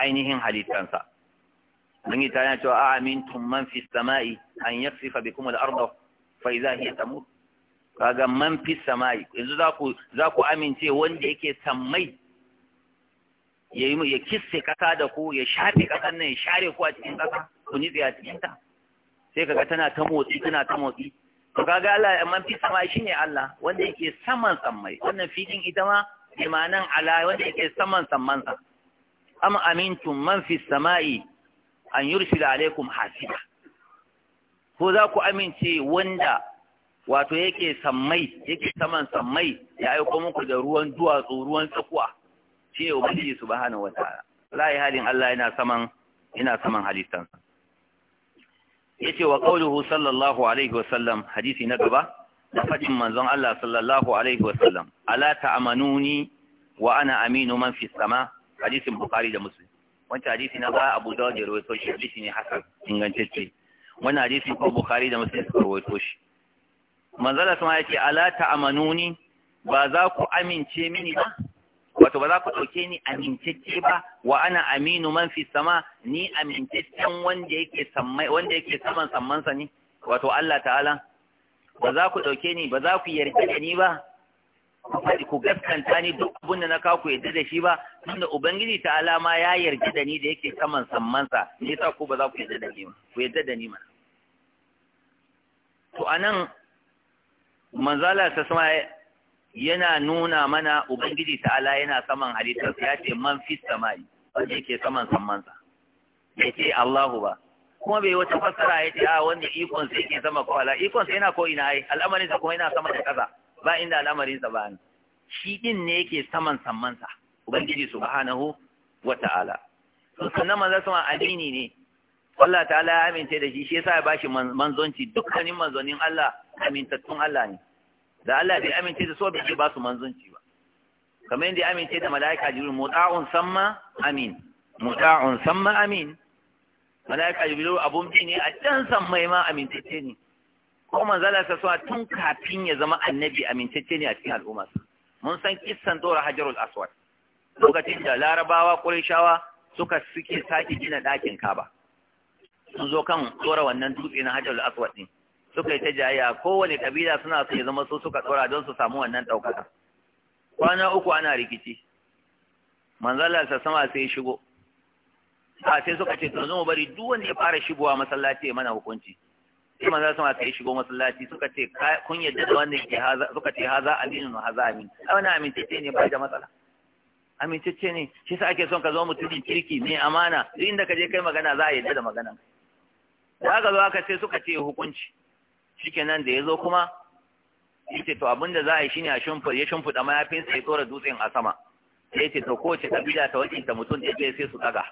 ainihin halittansa mun yi tana cewa a amintum man fi samai an yaksifa bikum al-ardh fa idha hiya tamut kaga man fi samai yanzu za ku za ku amince wanda yake sammai ya yi ya kisse kasa da ku ya shafe kasan nan ya share ku a cikin kasa ku nitse a cikin ta sai kaga tana ta motsi tana ta motsi to kaga Allah man fi sama ne Allah wanda yake saman sammai wannan fitin ita ma imanan ala wanda yake saman samman sa am amintum man fi samai an yursila alaikum hasiba ko za ku amince wanda wato yake sammai yake saman sammai ya aiko muku da ruwan duwatsu ruwan tsakuwa shi ne ubangiji subhanahu wataala wallahi halin Allah yana saman ina saman halittansa Ya ce wa qawluhu sallallahu alaihi wa sallam hadisi na gaba da fadin manzon Allah sallallahu alaihi wa sallam ala ta'amanuni wa ana aminu man fi sama hadisin bukhari da musulmi. wancan hadisi na ba abu da ya rawaito shi hadisi ne hasan ingantacce Wani hadisin ko bukari da musulmi suka rawaito shi manzon Allah sama ce ala ta'amanuni ba za ku amince mini ba wato ba za ku ɗauke ni amintacce ba wa ana aminu man fi sama ni amintaccen wanda yake sammai wanda yake saman sammansa ne wato Allah ta'ala ba za ku ɗauke ni ba za ku yarda da ni ba faɗi ku gaskanta ni duk abin da na kawo ku yarda da shi ba tunda ubangiji ta'ala ma ya yarda da ni da yake saman sammansa ni sa ku ba za ku yarda da ni ku yarda da ni ma to anan manzala ta sama yana nuna mana ubangiji ta'ala yana saman halittar ya ce man fi samai wanda yake saman sammansa ya ce Allahu ba kuma bai wata fassara ya ce a wanda ikon sa yake sama ko ala ikon sa yana ko ina ai al'amarin sa kuma yana sama da kasa ba inda al'amarin sa ba shi din ne yake saman sammansa ubangiji subhanahu wa ta'ala sannan manzo sama amini ne Allah ta'ala ya amince da shi shi yasa ya bashi manzonci dukkanin manzonin Allah amintattun Allah ne da Allah bai amince da so bai ce ba su manzanci ba kamar yadda ya amince da mala'ika jibril muta'un samma amin muta'un samma amin mala'ika jibril abun bi ne a can sammai ma amintacce ne ko manzala sa suwa tun kafin ya zama annabi amintacce ne a cikin al'umma mun san kissan dora hajarul aswad lokacin da larabawa qurayshawa suka suke sake gina dakin kaba sun zo kan dora wannan dutse na hajarul aswad din suka yi ta jayayya kowane kabila suna su ya zama su suka tsora don su samu wannan ɗaukaka kwana uku ana rikici manzalar sa sama sai shigo a sai suka ce to mu bari duk wanda ya fara shigowa masallaci ya mana hukunci sai manzalar sama sai shigo masallaci suka ce kun yadda da wanda ke haza suka ce haza aminu haza amin a wani amintacce ne ba da matsala amintacce ne shi sa ake son ka zo mutumin kirki mai amana duk inda ka je kai magana za a yadda da magana da aka zo aka sai suka ce hukunci shikenan da ya zo kuma yace to abinda za a yi shine a shimfida ya shimfida mayafin ya tsora dutsen a sama sai yace to kowace kabila ta ta mutum da sai su daga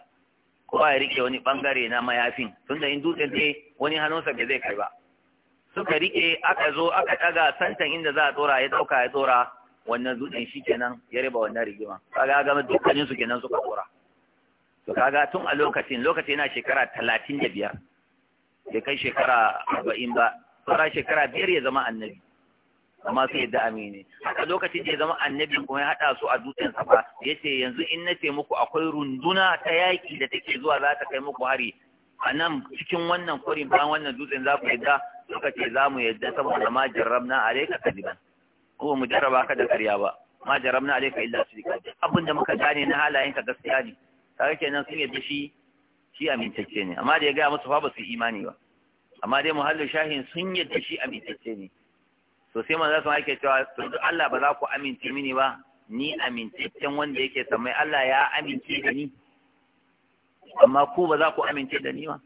ko ya rike wani bangare na mayafin tunda in dutsen ce wani hannunsa bai zai kai ba suka rike aka zo aka daga santan inda za a tsora ya dauka ya tsora wannan dutsen shikenan ya riba wannan rigima kaga ga dukkanin su kenan suka tsora to kaga tun a lokacin lokacin yana shekara talatin da biyar bai kai shekara arba'in ba fara shekara biyar ya zama annabi amma sai yadda amini haka lokacin da ya zama annabi kuma ya haɗa su a dutsen safa ya ce yanzu in na ce muku akwai runduna ta yaƙi da take zuwa za ta kai muku hari a nan cikin wannan kwarin ba wannan dutsen za ku yadda suka ce za mu yadda saboda ma jarrabna alaika kadiban ko mu jarraba ka da ƙarya ba ma jarrabna alaika illa shirka abin da muka gane na halayenka gaskiya ne kaga kenan sun yadda shi shi amintacce ne amma da ya gaya musu fa ba su imani ba amma dai muhallin shahin sun yadda shi amintacce ne to sai manzo sun ake cewa to duk Allah ba za ku amince mini ba ni amintaccen wanda yake samai Allah ya amince da ni amma ku ba za ku amince da ni ba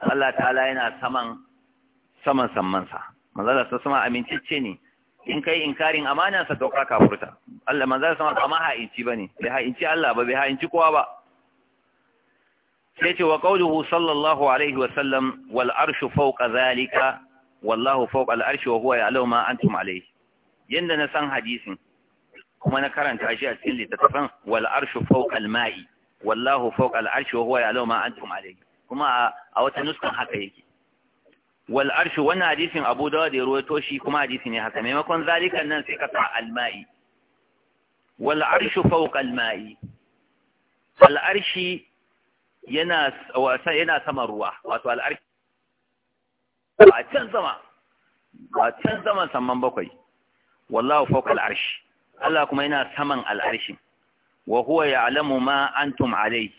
Allah ta'ala yana saman saman sammansa manzo Allah sun sama amintacce ne in kai inkarin sa to ka kafurta Allah manzo sama amma ma ha'inci bane bai ha'inci Allah ba bai ha'inci kowa ba sai ce wa qawluhu sallallahu alaihi wa sallam wal arshu fawqa zalika wallahu fawqa al arshi wa huwa ya'lamu ma antum alayhi yanda na san hadisin kuma na karanta shi a cikin littattafan wal arshu fawqa al ma'i wallahu fawqa al arshi wa huwa ya'lamu ma antum alayhi kuma a wata nuskan haka yake wal arshu wannan hadisin Abu Dawud ya ruwaito shi kuma hadisi ne haka maimakon zalikan nan sai ka sa al ma'i wal arshu fawqa al ma'i al arshi yana saman ruwa wato al'arki a can sama a can saman saman bakwai wallahu fawqa al'arshi Allah kuma yana saman al'arshi wa huwa ya'lamu ma antum alai?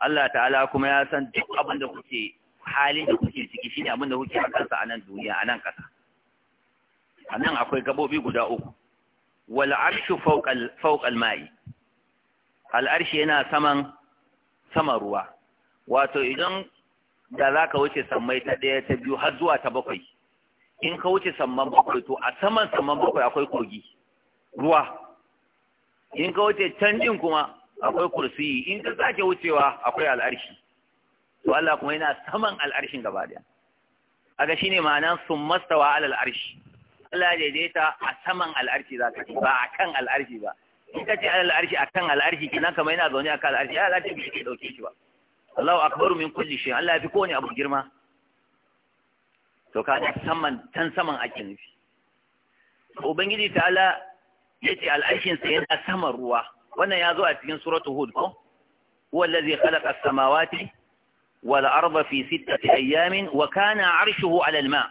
Allah ta'ala kuma ya san duk abin da kuke halin da kuke ciki shine abin da kuke a kansa a nan duniya a nan ƙasa. a nan akwai gabobi guda uku wal arshu fawqa al-ma'i al yana saman sama ruwa wato idan da za ka wuce sammai ta ɗaya ta biyu har zuwa ta bakwai in ka wuce samman bakwai to a saman samman bakwai akwai kogi ruwa in ka wuce can din kuma akwai kursiyi in ka sake wucewa akwai al'arshi to Allah kuma yana saman al'arshin gaba daya aga shine ma'anan masta wa al'arshi. Allah ya daidaita a saman al'arshi za ka ba a kan al'arshi ba in ka ce al'arshi a kan al'arshi kinan kamar yana zaune a kan al'arshi ai al'arshi bai ke dauke shi ba Allahu akbaru min kulli shay Allah ya fi kowane abu girma to kaga saman tan saman ake nufi ubangiji ta'ala yace al'arshin sa yana saman ruwa wannan ya zo a cikin suratul hud ko huwa allazi khalaqa as-samawati wal arda fi sittati ayamin wa kana 'arshuhu 'ala al-ma'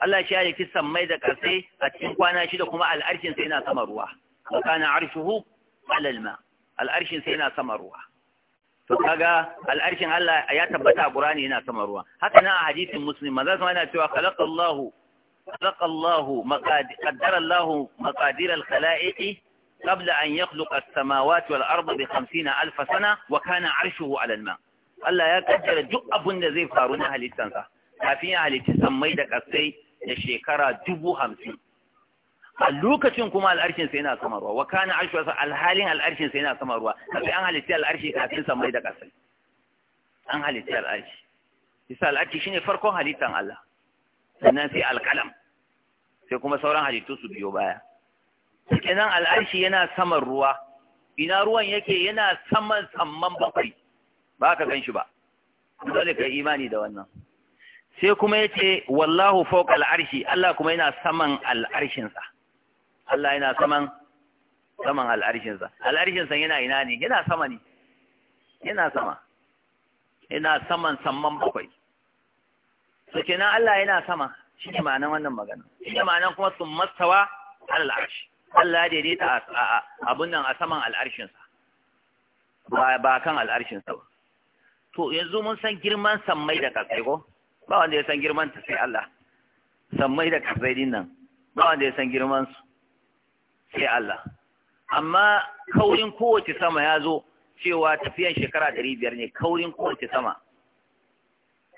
Allah shi ya yi kisan mai da kasai a cikin kwana shida kuma al'arshin sa yana saman ruwa wa kana arshuhu ala alma al'arshin sai yana sama to kaga al'arshin Allah ya tabbata a Qur'ani yana sama ruwa haka nan a hadisin Muslim manzo sama cewa khalaqallahu khalaqallahu maqadir qaddara Allahu maqadir al-khalaiqi قبل أن يخلق السماوات والأرض بخمسين ألف سنة وكان عرشه على الماء الله يا كجر جو أبن ذي فارون أهل السنة كافين أهل تسمي a lokacin kuma al'arshinsa yana saman ruwa wa kana arshu alhalin al'arshinsa yana saman ruwa kafin an halitta al'arshi kafin sa da kasai an halitta al'arshi isa al'arshi shine farkon halittan Allah sannan sai alqalam sai kuma sauran halittu su biyo baya kenan al'arshi yana saman ruwa ina ruwan yake yana saman samman bakwai ba ka ganshi ba dole ka imani da wannan sai kuma yace wallahu fawqa al'arshi Allah kuma yana saman al'arshinsa Allah yana saman saman al'arshinsa al'arshinsa yana ina ne yana sama ne yana sama yana saman saman bakwai so kenan Allah yana sama shi ne ma'anan wannan magana shi ne ma'anan kuma sun mastawa al'arshi Allah ya daidaita abun nan a saman al'arshinsa ba kan al'arshinsa ba to yanzu mun san girman sammai da kasai ko ba wanda ya san girman ta sai Allah sammai da kasai din nan ba wanda ya san girman su sai Allah amma kaurin kowace sama ya zo cewa tafiyan shekara ɗari biyar ne kaurin kowace sama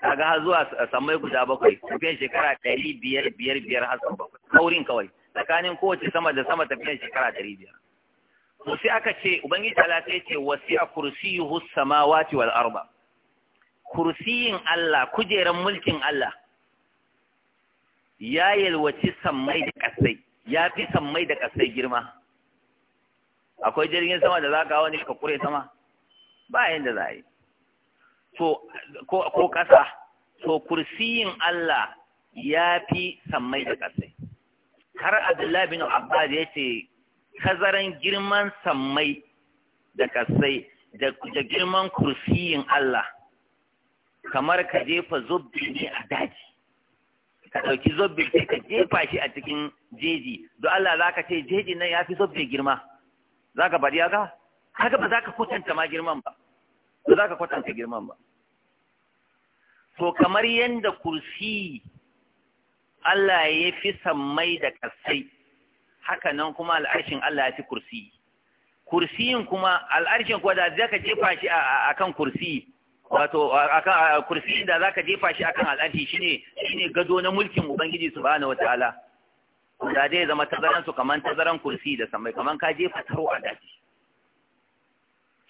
kaga har zuwa samai guda bakwai tafiyan shekara ɗari biyar biyar biyar har sama bakwai kaurin kawai tsakanin kowace sama da sama tafiyan shekara ɗari biyar to sai aka ce ubangiji Allah sai ce wasi a kursiyuhu samawati wal arba kursiyin Allah kujeran mulkin Allah ya yalwaci samai da kasai ya fi sammai da kasai girma akwai jirgin sama da za ka wani ka kure sama ba da za a yi ko ƙasa so kursiyin Allah ya fi sammai da ƙasai har Abdullahi bin Abbas ya ce tazaran girman sammai da ƙasai da girman kursiyin Allah kamar ka jefa zubbi ne a daji ka ɗauki zobe sai ka jefa shi a cikin jeji don Allah za ka ce jeji nan ya fi zobe girma za ka bari haka haka ba za ka kwatanta ma girman ba ba za ka kwatanta girman ba to kamar yadda kursi Allah ya fi sammai da kasai haka nan kuma al'arshin Allah ya fi kursi kursiyin kuma al'arshin kuwa da zai ka jefa shi a kan kursi wato akan kursi da zaka jefa shi akan al'adi shine shine gado na mulkin ubangiji subhanahu wataala da dai zama tazaran su kaman tazaran kursi da samai kaman ka jefa taro a daji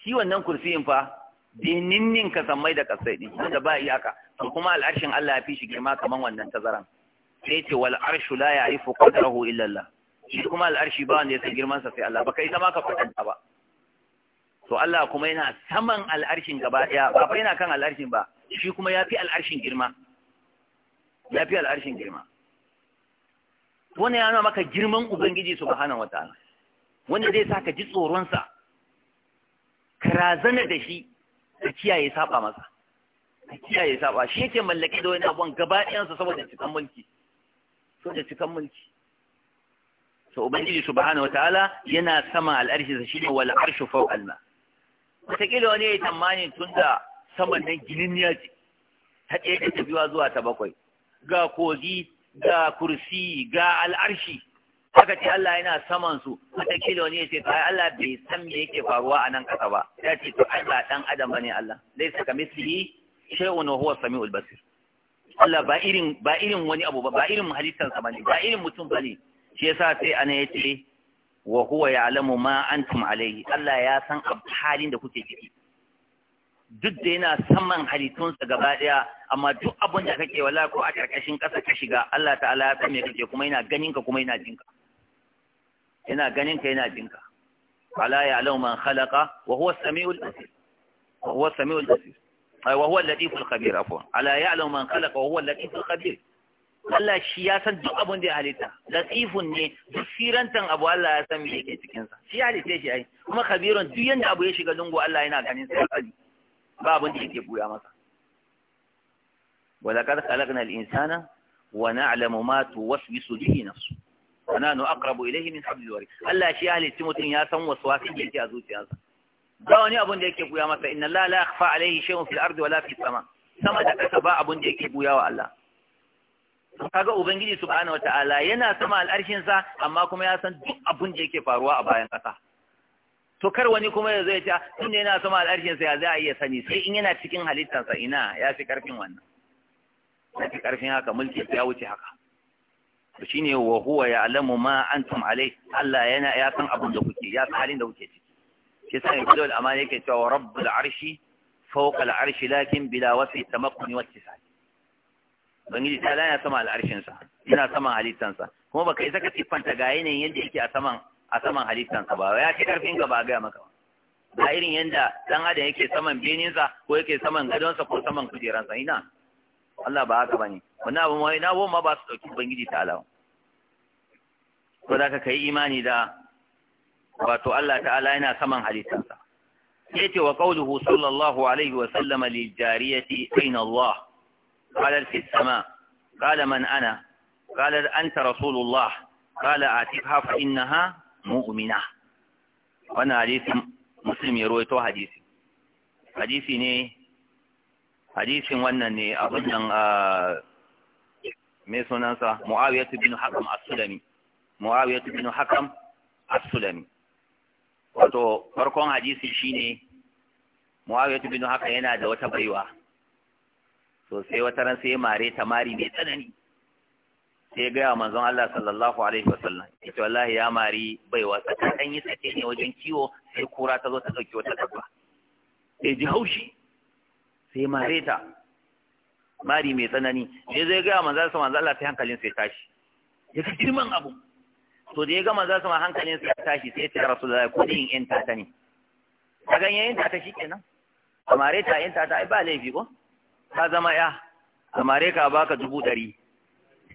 shi wannan kursiyin fa ninnin ka samai da kasai din wanda ba iyaka to kuma al'arshin Allah ya fi shi girma kaman wannan tazaran sai ce wal arshu la ya'rifu qadrahu illa Allah shi kuma al'arshi ba wanda ya san girman sa sai Allah baka ita ma ka fadanta ba to Allah kuma yana saman al'arshin gaba ɗaya ba fa yana kan al'arshin ba shi kuma ya fi al'arshin girma ya fi al'arshin girma wannan ya nuna maka girman ubangiji su subhanahu wataala wanda zai sa ka ji tsoronsa ka razana da shi ka kiyaye saba masa ka kiyaye saba shi yake mallake da wani abun gaba ɗayansa saboda cikan mulki saboda cikan mulki so ubangiji subhanahu wataala yana sama al'arshi shi ne wa arshu fawqa al-ma' wataƙila wani ya yi tsammanin tun da saman nan ginin ce ta ɗaya da ta biyuwa zuwa ta bakwai ga kogi ga kursi ga al'arshi haka ce Allah yana saman su wataƙila wani ya ce ai Allah bai san me yake faruwa a nan ƙasa ba ya ce to Allah ɗan adam bane Allah saka kamislihi shay'un wa huwa samiul basir Allah ba irin ba irin wani abu ba ba irin halittarsa bane ba irin mutum bane shi yasa sai ana yace wa huwa ya'lamu ma antum alayhi Allah ya san halin da kuke ciki duk da yana saman halittunsa gaba daya amma duk abin da kake wala ko a karkashin ƙasa ka shiga Allah ta'ala ya san me kake kuma yana ganin ka kuma yana jinka yana ganin ka yana jinka ala ya'lamu man khalaqa wa huwa as-sami'ul basir wa huwa as-sami'ul basir ay wa huwa al al khabir afwan ala ya'lamu man khalaqa wa huwa al al khabir Allah shi ya san duk abin da ya halitta latifun ne duk sirantan abu Allah ya san me yake cikin sa shi halitta shi ai kuma kabirun duk yanda abu ya shiga dungu, Allah yana ganin sa ba abin da yake buya masa walaqad khalaqnal insana wa na'lamu ma tuwaswisu bihi nafsu wa nahnu aqrabu ilayhi min hablil warid Allah shi ya halitta mutun ya san waswasin da yake a zuciyarsa ba wani abin da yake buya masa inna la la yakhfa alayhi shay'un fil ardi wala fis sama sama da kasa ba abin da yake buya wa Allah kaga ubangiji subhanahu wataala yana sama al'arshin sa amma kuma ya san duk abin da yake faruwa a bayan kasa to kar wani kuma ya zai ya ah, tun da yana sama al'arshin sa ya za a iya sani sai in yana cikin halittar sa ina ya fi karfin wannan ya fi karfin haka mulki ya wuce haka to shine wa huwa ya'lamu ma antum alai Allah yana ya san abin da kuke ya san halin da kuke ciki shi yasa ibnu amani yake cewa rabbul arshi fawqa al-arshi lakin bila wasfi tamakkuni wa ittisal Bangiji ta lana sama al'arshinsa yana saman halittansa kuma baka isa ka siffanta ga yanayin yadda yake a saman a saman halittansa ba ya ci karfin ka ba ga maka ba ga irin yadda dan adam yake saman beninsa ko yake saman gadonsa ko saman kujeransa ina Allah ba haka bane wannan abu mai na ma ba su dauki bangiji ta alawa ko da ka kai imani da wato Allah ta'ala yana saman halittansa yace wa qawluhu sallallahu alaihi wa sallama lil jariyati aina Allah قال في السماء قال من أنا قال أنت رسول الله قال آتفها فإنها مؤمنة وانا حديث مسلم يرويته حديث حديث ني حديث وانا ني أظن me sunansa Muawiyatu bin Hakam as Muawiyatu bin Hakam as wato farkon hadisi shine Muawiyatu bin Hakam yana da wata baiwa to sai wata ran sai mare ta mari mai tsanani sai ga manzon Allah sallallahu alaihi wasallam yace wallahi ya mari bai wasa ta dan yi sake ne wajen kiwo sai kura ta zo ta dauki wata dabba sai ji haushi sai mare ta mari mai tsanani sai zai ga manzon Allah manzon Allah sai hankalin sai tashi ya fi girman abu to da ya ga manzon Allah hankalin sai tashi sai ya ce rasulullahi ko din in ta ta ne kaga yin ta ta shikenan mare ta in ta ta ai ba laifi ko ka zama ya mare ka baka dubu ɗari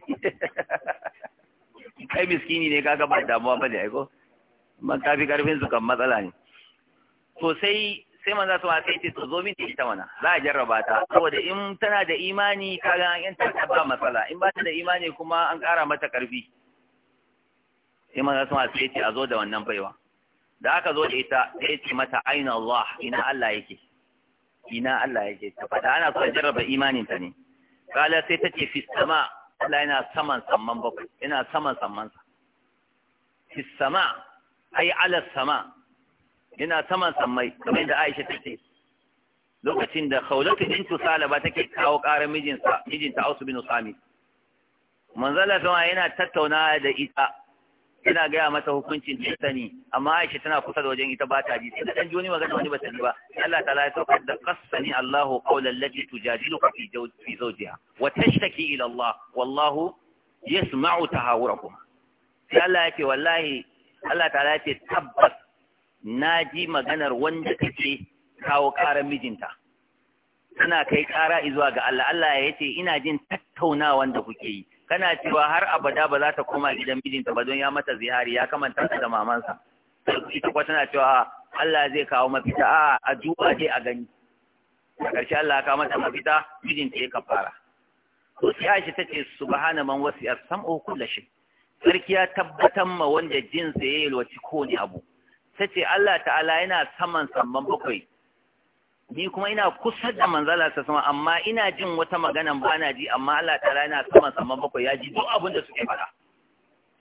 kai miskini ne kaga ba damuwa ba ne aiko man fi karfin su kan matsala ne to sai sai manza su ma sai to zo min ita mana za a jarraba ta saboda in tana da imani kaga an yanta ta ba matsala in ba ta da imani kuma an ƙara mata karfi sai manza su ma sai a zo da wannan baiwa da aka zo da ita sai ce mata aina Allah ina Allah yake ina Allah ya yake ta faɗa ana so jarraba imanin ta ne kala sai ta ce fi Allah yana saman samman bakwai yana saman samman sa fi ai ala sama yana saman sammai kamar da Aisha ta ce lokacin da Khawlatu bintu Salaba take kawo ƙarar mijinsa mijinta Ausu bin Usami manzala sama yana tattauna da ita yana gaya mata hukuncin da amma Aisha tana kusa da wajen ita ba ta ji sai da dan joni magana wani ba ta ji ba Allah ta'ala ya saukar da qassani Allahu qawla allati tujadiluka fi zawji zawjiha wa tashtaki ila Allah wallahu yasma'u tahawurakum sai Allah yake wallahi Allah ta'ala ce tabbas naji maganar wanda take kawo karar mijinta tana kai kara izuwa ga Allah Allah ya ce ina jin tattaunawa wanda kuke yi kana cewa har abada ba za ta koma gidan mijinta ba don ya mata zihari ya kamanta da mamansa ita kuwa tana cewa Allah zai kawo mafita a addu'a dai a gani a ƙarshe Allah ya kawo mata mafita mijinta ya kafara to sai Aisha tace subhana man as sam'u kulli shay sarki ya tabbatar ma wanda jinsa yayi lwaci ko ne abu tace Allah ta'ala yana saman samman bakwai ni kuma ina kusa da manzala ta sama amma ina jin wata magana ba na ji amma Allah ta ina sama sama bakwai ya ji duk abin da suke faɗa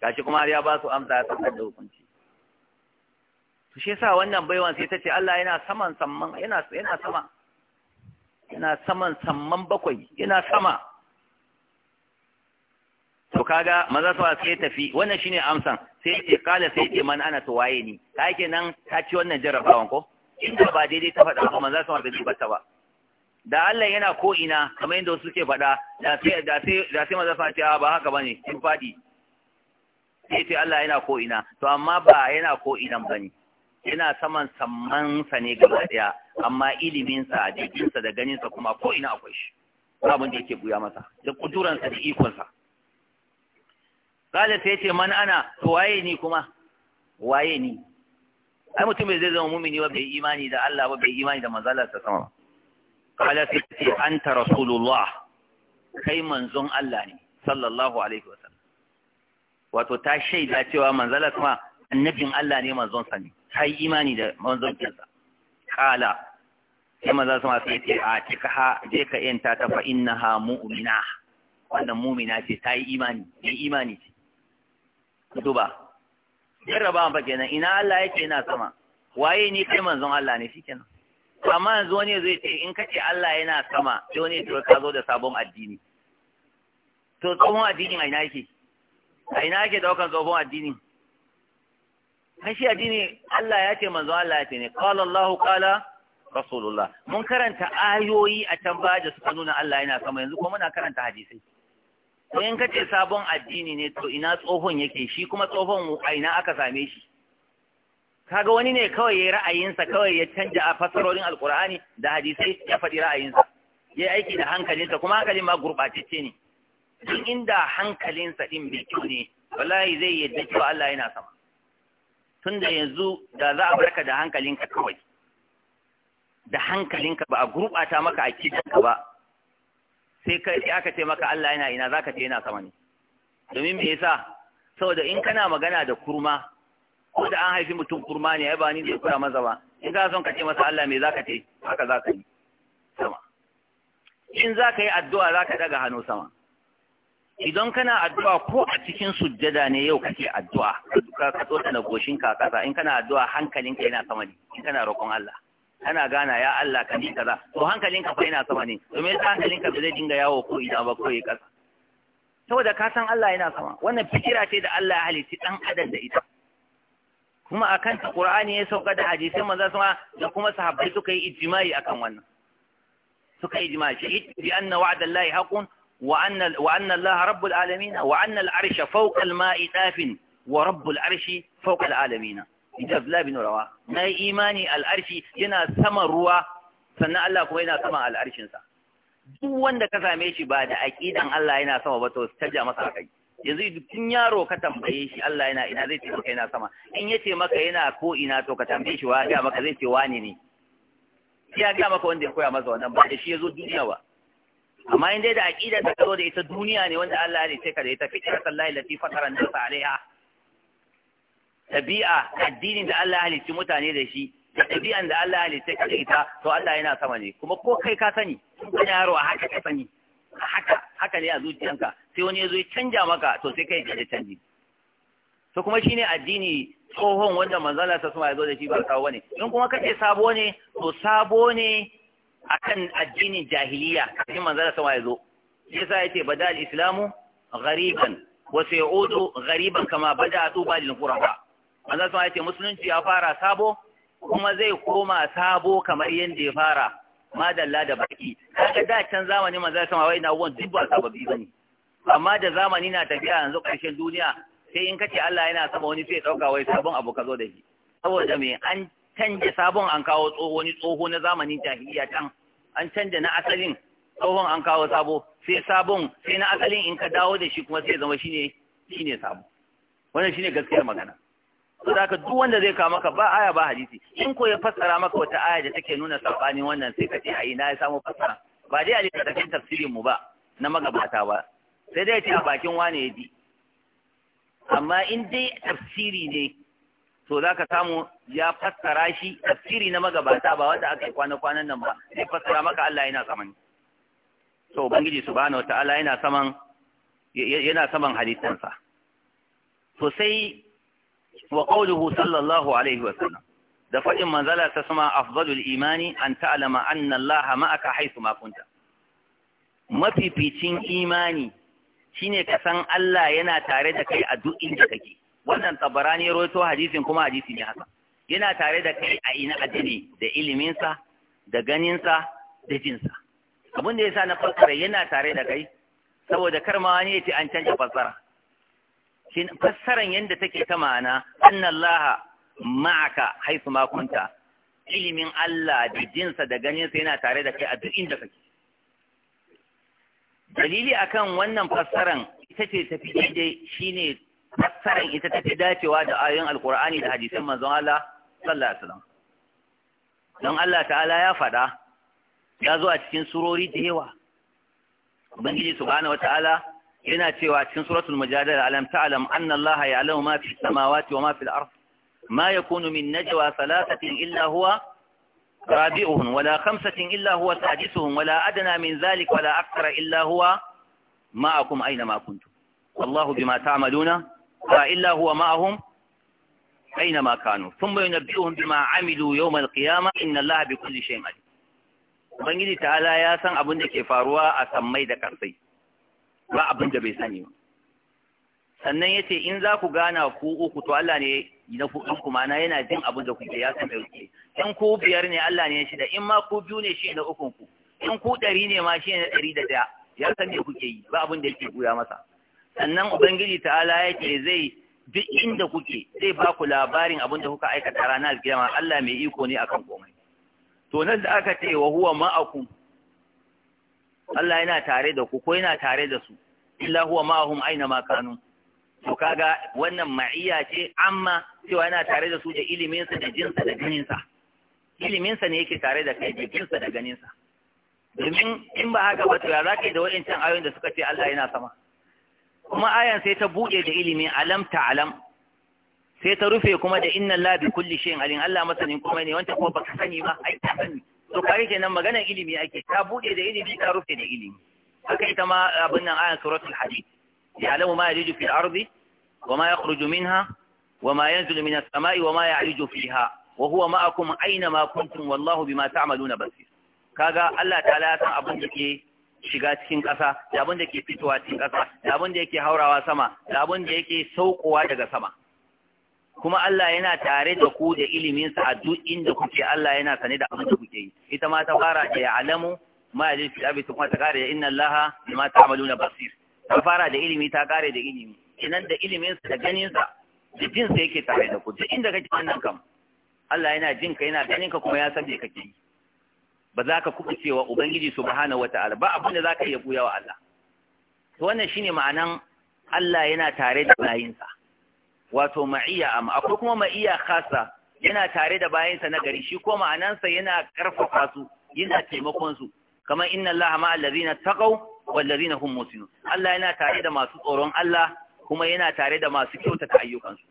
gashi kuma har ya ba su amsa ya sanar da hukunci to shi yasa wannan baiwan sai ta ce Allah yana saman samman yana yana sama yana saman samman bakwai yana sama to kaga maza su sai tafi wannan shine amsan sai ce kala sai ce man ana to waye ni kake nan ta ci wannan jarabawan ko inda ba daidai ta faɗa ba manzo sama bai bata ba da Allah yana ko ina kamar yadda suke faɗa da sai da sai da sai manzo fatiha ah, ba haka bane in faɗi sai sai Allah yana ko ina to amma ba yana ko ina bane yana saman samman sa ne gaba daya amma ilimin sa jikin sa da ganin sa kuma ko ina akwai shi mun da yake buya masa da kuduran sa da ikon sa kale sai ce man ana to waye ni kuma waye ni ai mutum bai zai zama mumini ba bai imani da Allah ba bai imani da manzalar sa sama kala sai ce anta rasulullah kai manzon Allah ne sallallahu alaihi wasallam wato ta shaida cewa manzalar sama annabin Allah ne manzon sa ne kai imani da manzon sa kala sai manzon sama sai ce a cika ha je ka yanta ta fa innaha mu'mina wannan mu'mina ce ta yi imani yi imani ce duba jarrabawan fa kenan ina Allah yake ina sama waye ni kai manzon Allah ne shikenan amma yanzu wani zai ce in kace Allah yana sama sai wani ya ka zo da sabon addini to tsohon addinin a ina yake a ina yake daukan tsohon addini? kai shi addini Allah ya ce manzon Allah ya ce ne qala Allahu qala rasulullah mun karanta ayoyi a can baya da suka nuna Allah yana sama yanzu kuma muna karanta hadisai to in ka ce sabon addini ne to ina tsohon yake shi kuma tsohon a ina aka same shi kaga wani ne kawai yayi ra'ayinsa kawai ya canja a fasarorin alkur'ani da hadisai ya faɗi ra'ayinsa yi aiki da hankalinsa kuma hankalin ma gurɓatacce ne duk inda hankalinsa din bai kyau ne wallahi zai yadda cewa Allah yana sama tunda yanzu da za a barka da hankalinka kawai da hankalinka ba a gurbata maka a kidanka ba sai kai aka ce maka Allah yana ina zaka ce yana sama ne domin me yasa saboda in kana magana da kurma ko da an haifi mutum kurma ne ai ba ni zai kura maza ba in ka son ka ce masa Allah me zaka ce haka zaka yi sama in zaka yi addu'a zaka daga hannu sama idan kana addu'a ko a cikin sujjada ne yau kake addu'a ka ka tsotsa na ka kasa in kana addu'a hankalinka yana sama ne in kana roƙon Allah ana gana ya Allah ka ni kaza to hankalinka fa yana sama ne domin yasa hankalinka ba zai dinga yawo ko ina ba ko kasa saboda ka san Allah yana sama wannan fikira ce da Allah ya halitti dan adam da ita kuma akan ta Qur'ani ya sauka da hadisi manzo sama da kuma sahabbai suka yi ijma'i akan wannan suka yi ijma'i shi bi anna wa'da Allah haqqun wa anna wa anna Allah rabbul alamin wa anna al-arsha fawqa al-ma'i dafin wa rabbul arshi fawqa al-alamin inda Abdullah bin Rawa na yi imani al'arshi yana sama ruwa sannan Allah kuma yana sama al'arshin sa duk wanda ka same shi ba da aqidan Allah yana sama ba to taja masa kai yanzu tun yaro ka tambaye shi Allah yana ina zai ce maka yana sama in yace maka yana ko ina to ka tambaye shi wa ga maka zai ce wani ne ya ga maka wanda ya koya masa wannan ba da shi yazo duniya ba amma in dai da aƙidan ta zo da ita duniya ne wanda Allah ya ce ka da ita fitra sallahi lati fatara nasa alaiha ɗabi'a addinin da Allah ya halicci mutane da shi da ɗabi'an da Allah halitta ka da ita to Allah yana sama ne kuma ko kai ka sani kun yaro a haka ka sani haka haka ne a zuciyanka sai wani ya zo ya canja maka to sai kai ka canji to kuma shine addini tsohon wanda manzala ta suma ya zo da shi ba sabo ne in kuma kace sabo ne to sabo ne akan addinin jahiliya kafin manzala sama ya zo yasa yace badal islamu ghariban wa sayudu ghariban kama bada tuba lil manzon sama yace musulunci ya fara sabo kuma zai koma sabo kamar yadda ya fara madalla da baki haka da can zamani manzon sama wai na dubba sababi ba sababi amma da zamani na tafiya yanzu ƙarshen duniya sai in kace Allah yana sama wani sai ɗauka wai sabon abu ka zo da shi saboda me an canja sabon an kawo tsoho ni tsoho na zamanin jahiliya can an canja na asalin tsohon an kawo sabo sai sabon sai na asalin in ka dawo da shi kuma sai zama shine shine sabo wannan shine gaskiyar magana saboda duk wanda zai kawo maka ba aya ba hadisi in ko ya fassara maka wata aya da take nuna sabani wannan sai ka ce ai na ya samu fassara ba dai da kin tafsirin mu ba na magabata ba sai dai ce a bakin wane ya ji amma in dai tafsiri ne to zaka samu ya fassara shi tafsiri na magabata ba wanda aka yi kwana-kwanan nan ba sai fassara maka Allah yana saman to ubangiji subhanahu wataala yana saman yana saman halittansa to sai wa qawluhu sallallahu alaihi wa sallam da faɗin manzala ta suma Afzalul imani an ta'lama anna Allah ma'aka haisu ma mafificin imani shine ka san Allah yana tare da kai a duk inda kake wannan tabarani ya rawaito hadisin kuma hadisi ne haka yana tare da kai a ina addini da iliminsa da ganinsa da jinsa abin da sa na fassara yana tare da kai saboda kar ma wani ya ce an canja fassara shin fassaran yadda take ta ma'ana annallaha ma'aka haisu ma ilimin Allah da jinsa da ganinsa yana tare da kai a duk inda kake dalili akan wannan fassaran ita ce ta fi daidai shine fassaran ita tafi dacewa da ayoyin alkur'ani da hadisan manzon Allah sallallahu alaihi wasallam don Allah ta'ala ya faɗa ya zo a cikin surori da yawa ubangiji subhanahu ala. yana cewa cikin suratul mujadala alam ta'lam anna allaha ya'lamu ma fi samawati wa ma fil ard ma yakunu min najwa thalathatin illa huwa rabi'uhum wala khamsatin illa huwa sadisuhum wala adna min zalika wala akthara illa huwa ma'akum aina ma kuntum wallahu bima ta'maluna fa illa huwa ma'ahum aina ma kanu thumma yunabbi'uhum bima 'amilu yawm al-qiyamah inna allaha bikulli shay'in alim ubangiji ta'ala ya san abin da ke faruwa a sammai da kansai ba abin da bai sani ba sannan ya ce in za ku gana ku uku to Allah ne na kuɗin ku mana yana jin abin da kuke ya san ɗauke in ku biyar ne Allah ne ya shida in ma ku biyu ne shi na ukun ku in ku ɗari ne ma shi ne ɗari da ɗaya ya san me kuke yi ba abin da yake goya masa sannan ubangiji ta'ala ya ce zai duk inda kuke zai ba ku labarin abin da kuka aikata ranar alkiyama Allah mai iko ne akan komai to nan da aka ce wa huwa ma'akum Allah yana tare da ku ko yana tare da su illa huwa ma'ahum aina ma kanu to kaga wannan ma'iyya ce amma cewa yana tare da su da ilimin sa da jinsa da ganin sa ilimin sa ne yake tare da kai da jinsa da ganin sa domin in ba haka ba to ya zaka da wayancan ayoyin da suka ce Allah yana sama kuma ayan sai ta bude da ilimi alam ta'lam sai ta rufe kuma da inna lillahi kulli shay'in alim Allah masanin kuma ne wanda kuma baka sani ba ai ta sani to kai kenan maganar ilimi ake ta bude da ilimi ta rufe da ilimi haka ta ma abin nan ayan suratul hadid ya'lamu ma yajuju fil ardi wa ma yakhruju minha wa ma yanzilu minas samai wa ma ya'ruju fiha wa huwa ma'akum aina ma kuntum wallahu bima ta'maluna basir kaga Allah ta'ala ya san abin da ke shiga cikin ƙasa da abin da ke fitowa cikin ƙasa da abin da yake haurawa sama da abin da yake saukowa daga sama kuma Allah yana tare da ku da iliminsa a duk inda kuke Allah yana sane da abin da kuke yi ita ma ta fara da ya'lamu ma yajid fi kuma ta kare da inna Allaha bima ta'maluna basir ta fara da ilimi ta kare da ilimi kinan da iliminsa da ganinsa da jin sa yake tare da ku duk inda kake wannan kam Allah yana jin ka yana ganin ka kuma ya san me kake yi ba za ka kuɓi cewa Ubangiji subhanahu wata'ala ba abin da za ka iya buya wa Allah. To wannan shine ma'anan Allah yana tare da bayinsa. wato ma'iya amma akwai kuma ma'iya khasa yana tare da bayansa na gari shi ko ma'anansa yana karfafa su yana taimakon su kamar inna Allah ma allazina taqaw ladina hum muhsinun Allah yana tare da masu tsoron Allah kuma yana tare da masu kyautata ayyukansu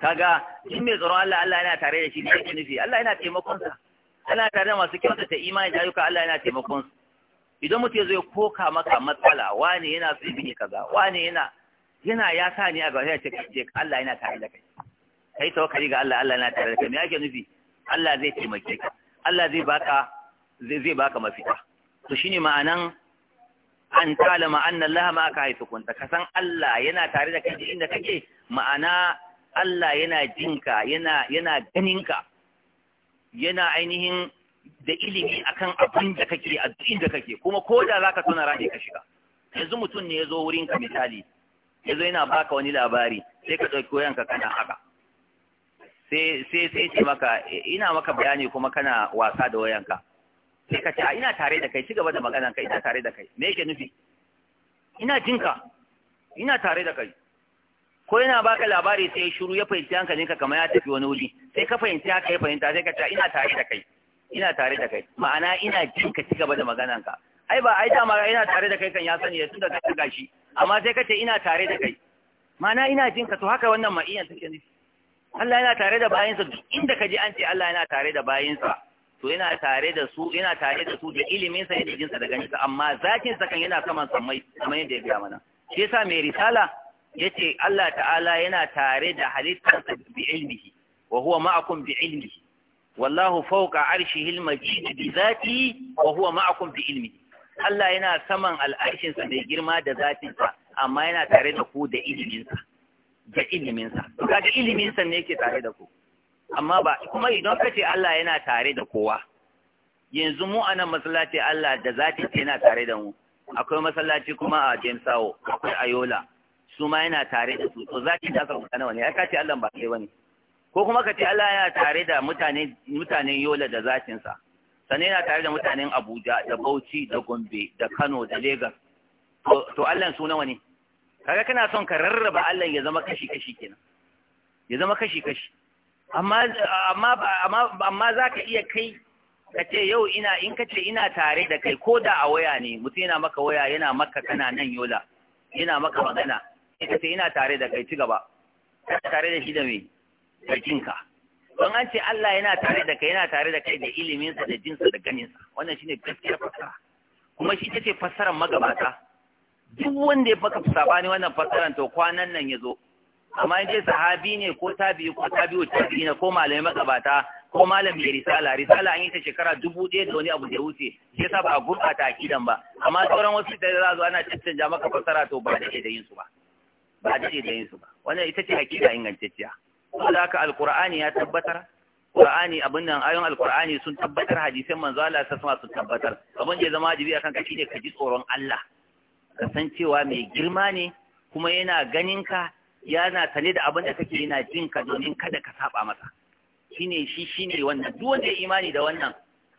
kaga in mai tsoron Allah Allah yana tare da shi ne ke nufi Allah yana taimakon sa Allah tare da masu kyautata imani da ayyuka Allah yana taimakon su idan mutum zai koka maka matsala wani yana so ya kaza wani yana yana ya sa ne a ga ya ce kace Allah yana tare da kai kai tawakkali ga Allah Allah yana tare da kai me yake nufi Allah zai taimake ka Allah zai baka zai baka mafita to shine ma'anan an talama anna Allah ma aka haifi kunta ka san Allah yana tare da kai inda kake ma'ana Allah yana jinka yana yana ganinka yana ainihin da ilimi akan abin da kake a duk inda kake kuma ko da zaka tona rane ka shiga yanzu mutum ne ya zo wurin ka misali zo yana baka wani labari sai ka ɗauki wayanka kana haka sai sai ce maka ina maka bayani kuma kana wasa da wayanka sai ka ce a ina tare da kai cigaba da maganan kai ina tare da kai me yake nufi ina jinka ina tare da kai ko yana baka labari sai shiru ya fahimci ka kamar ya tafi wani wuri sai ka fahimci haka ya fahimta sai ka ce ina tare da kai ina tare da kai ma'ana ina jinka ka da gaba da magananka ai ba ai dama ina tare da kai kan ya sani ya tunda ka ga shi amma sai kace ina tare da kai mana ina jin ka to haka wannan ma'iyan take nufi Allah yana tare da bayinsa duk inda ka ji an ce Allah yana tare da bayinsa to yana tare da su yana tare da su da ilimin sa da jinsa da ganin sa amma zakin sa kan yana saman sammai kamar yadda ya ga mana shi yasa mai risala yace Allah ta'ala yana tare da halittar sa bi ilmihi wa huwa ma'akum bi ilmihi wallahu fawqa arshihil majid bi zati wa huwa ma'akum bi ilmihi Allah yana saman al'arshinsa mai girma da zafinsa, amma yana tare da ku da iliminsa da iliminsa to ga iliminsa ne yake tare da ku amma ba kuma idan ka ce Allah yana tare da kowa yanzu mu anan masallaci Allah da zati yana tare da mu akwai masallaci kuma a Jamesawo, Sawo akwai Ayola su ma yana tare da su to zafin da aka kusa wani ya ka ce Allah ba kai bane ko kuma ka ce Allah yana tare da mutane mutanen Yola da zafinsa? sannan yana tare da mutanen Abuja da Bauchi da Gombe da Kano da Lagos to Allah su nawa ne kaga kana son ka rarraba Allah ya zama kashi kashi kenan ya zama kashi kashi amma amma amma zaka iya kai ka ce yau ina in ka ce ina tare da kai ko da a waya ne mutum yana maka waya yana maka kana nan yola yana maka magana ina tare da kai ci gaba tare da shi da me ka. don an ce Allah yana tare da kai yana tare da kai da iliminsa da jinsa da ganinsa wannan shine gaskiyar fasara kuma shi tace fasaran magabata duk wanda ya baka sabani wannan fasaran to kwanan nan ya zo amma in dai sahabi ne ko tabi'i ko tabi'u tabi'i ko malamai magabata ko malami ya risala risala an yi ta shekara dubu ɗaya da wani abu da wuce shi yasa ba a gurɓata akidan ba amma sauran wasu da za zo ana cancanja maka fasara to ba da da yin su ba ba da da yin su ba wannan ita ce hakika ingantacciya alaka alqur'ani ya tabbatar qur'ani abin nan ayon alqur'ani sun tabbatar hadisan manzo Allah sai sun tabbatar abin da zama wajibi akan kashi ne ka ji tsoron Allah ka san cewa mai girma ne kuma yana ganin ka yana sane da abin da kake yana jin ka domin kada ka saba masa shine shi shine wannan duk wanda ya imani da wannan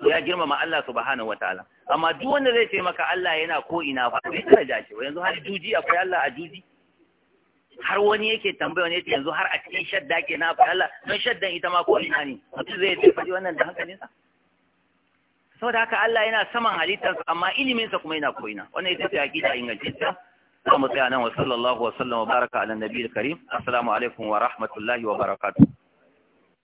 ya girmama Allah subhanahu wataala amma duk wanda zai ce maka Allah yana ko ina fa bai daraja shi yanzu har juji akwai Allah a juji har wani yake tambaya ne yanzu har a cikin shadda ke na faɗi Allah don shaddan ita ma ko ina ne mutum zai yi faɗi wannan da hankalinsa saboda haka Allah yana saman halittarsa amma iliminsa kuma yana ko'ina wannan ita ce aqida ingantacciya za mu tsaya nan wa sallallahu wa sallam wa baraka ala nabiyil karim assalamu alaikum wa rahmatullahi wa barakatuh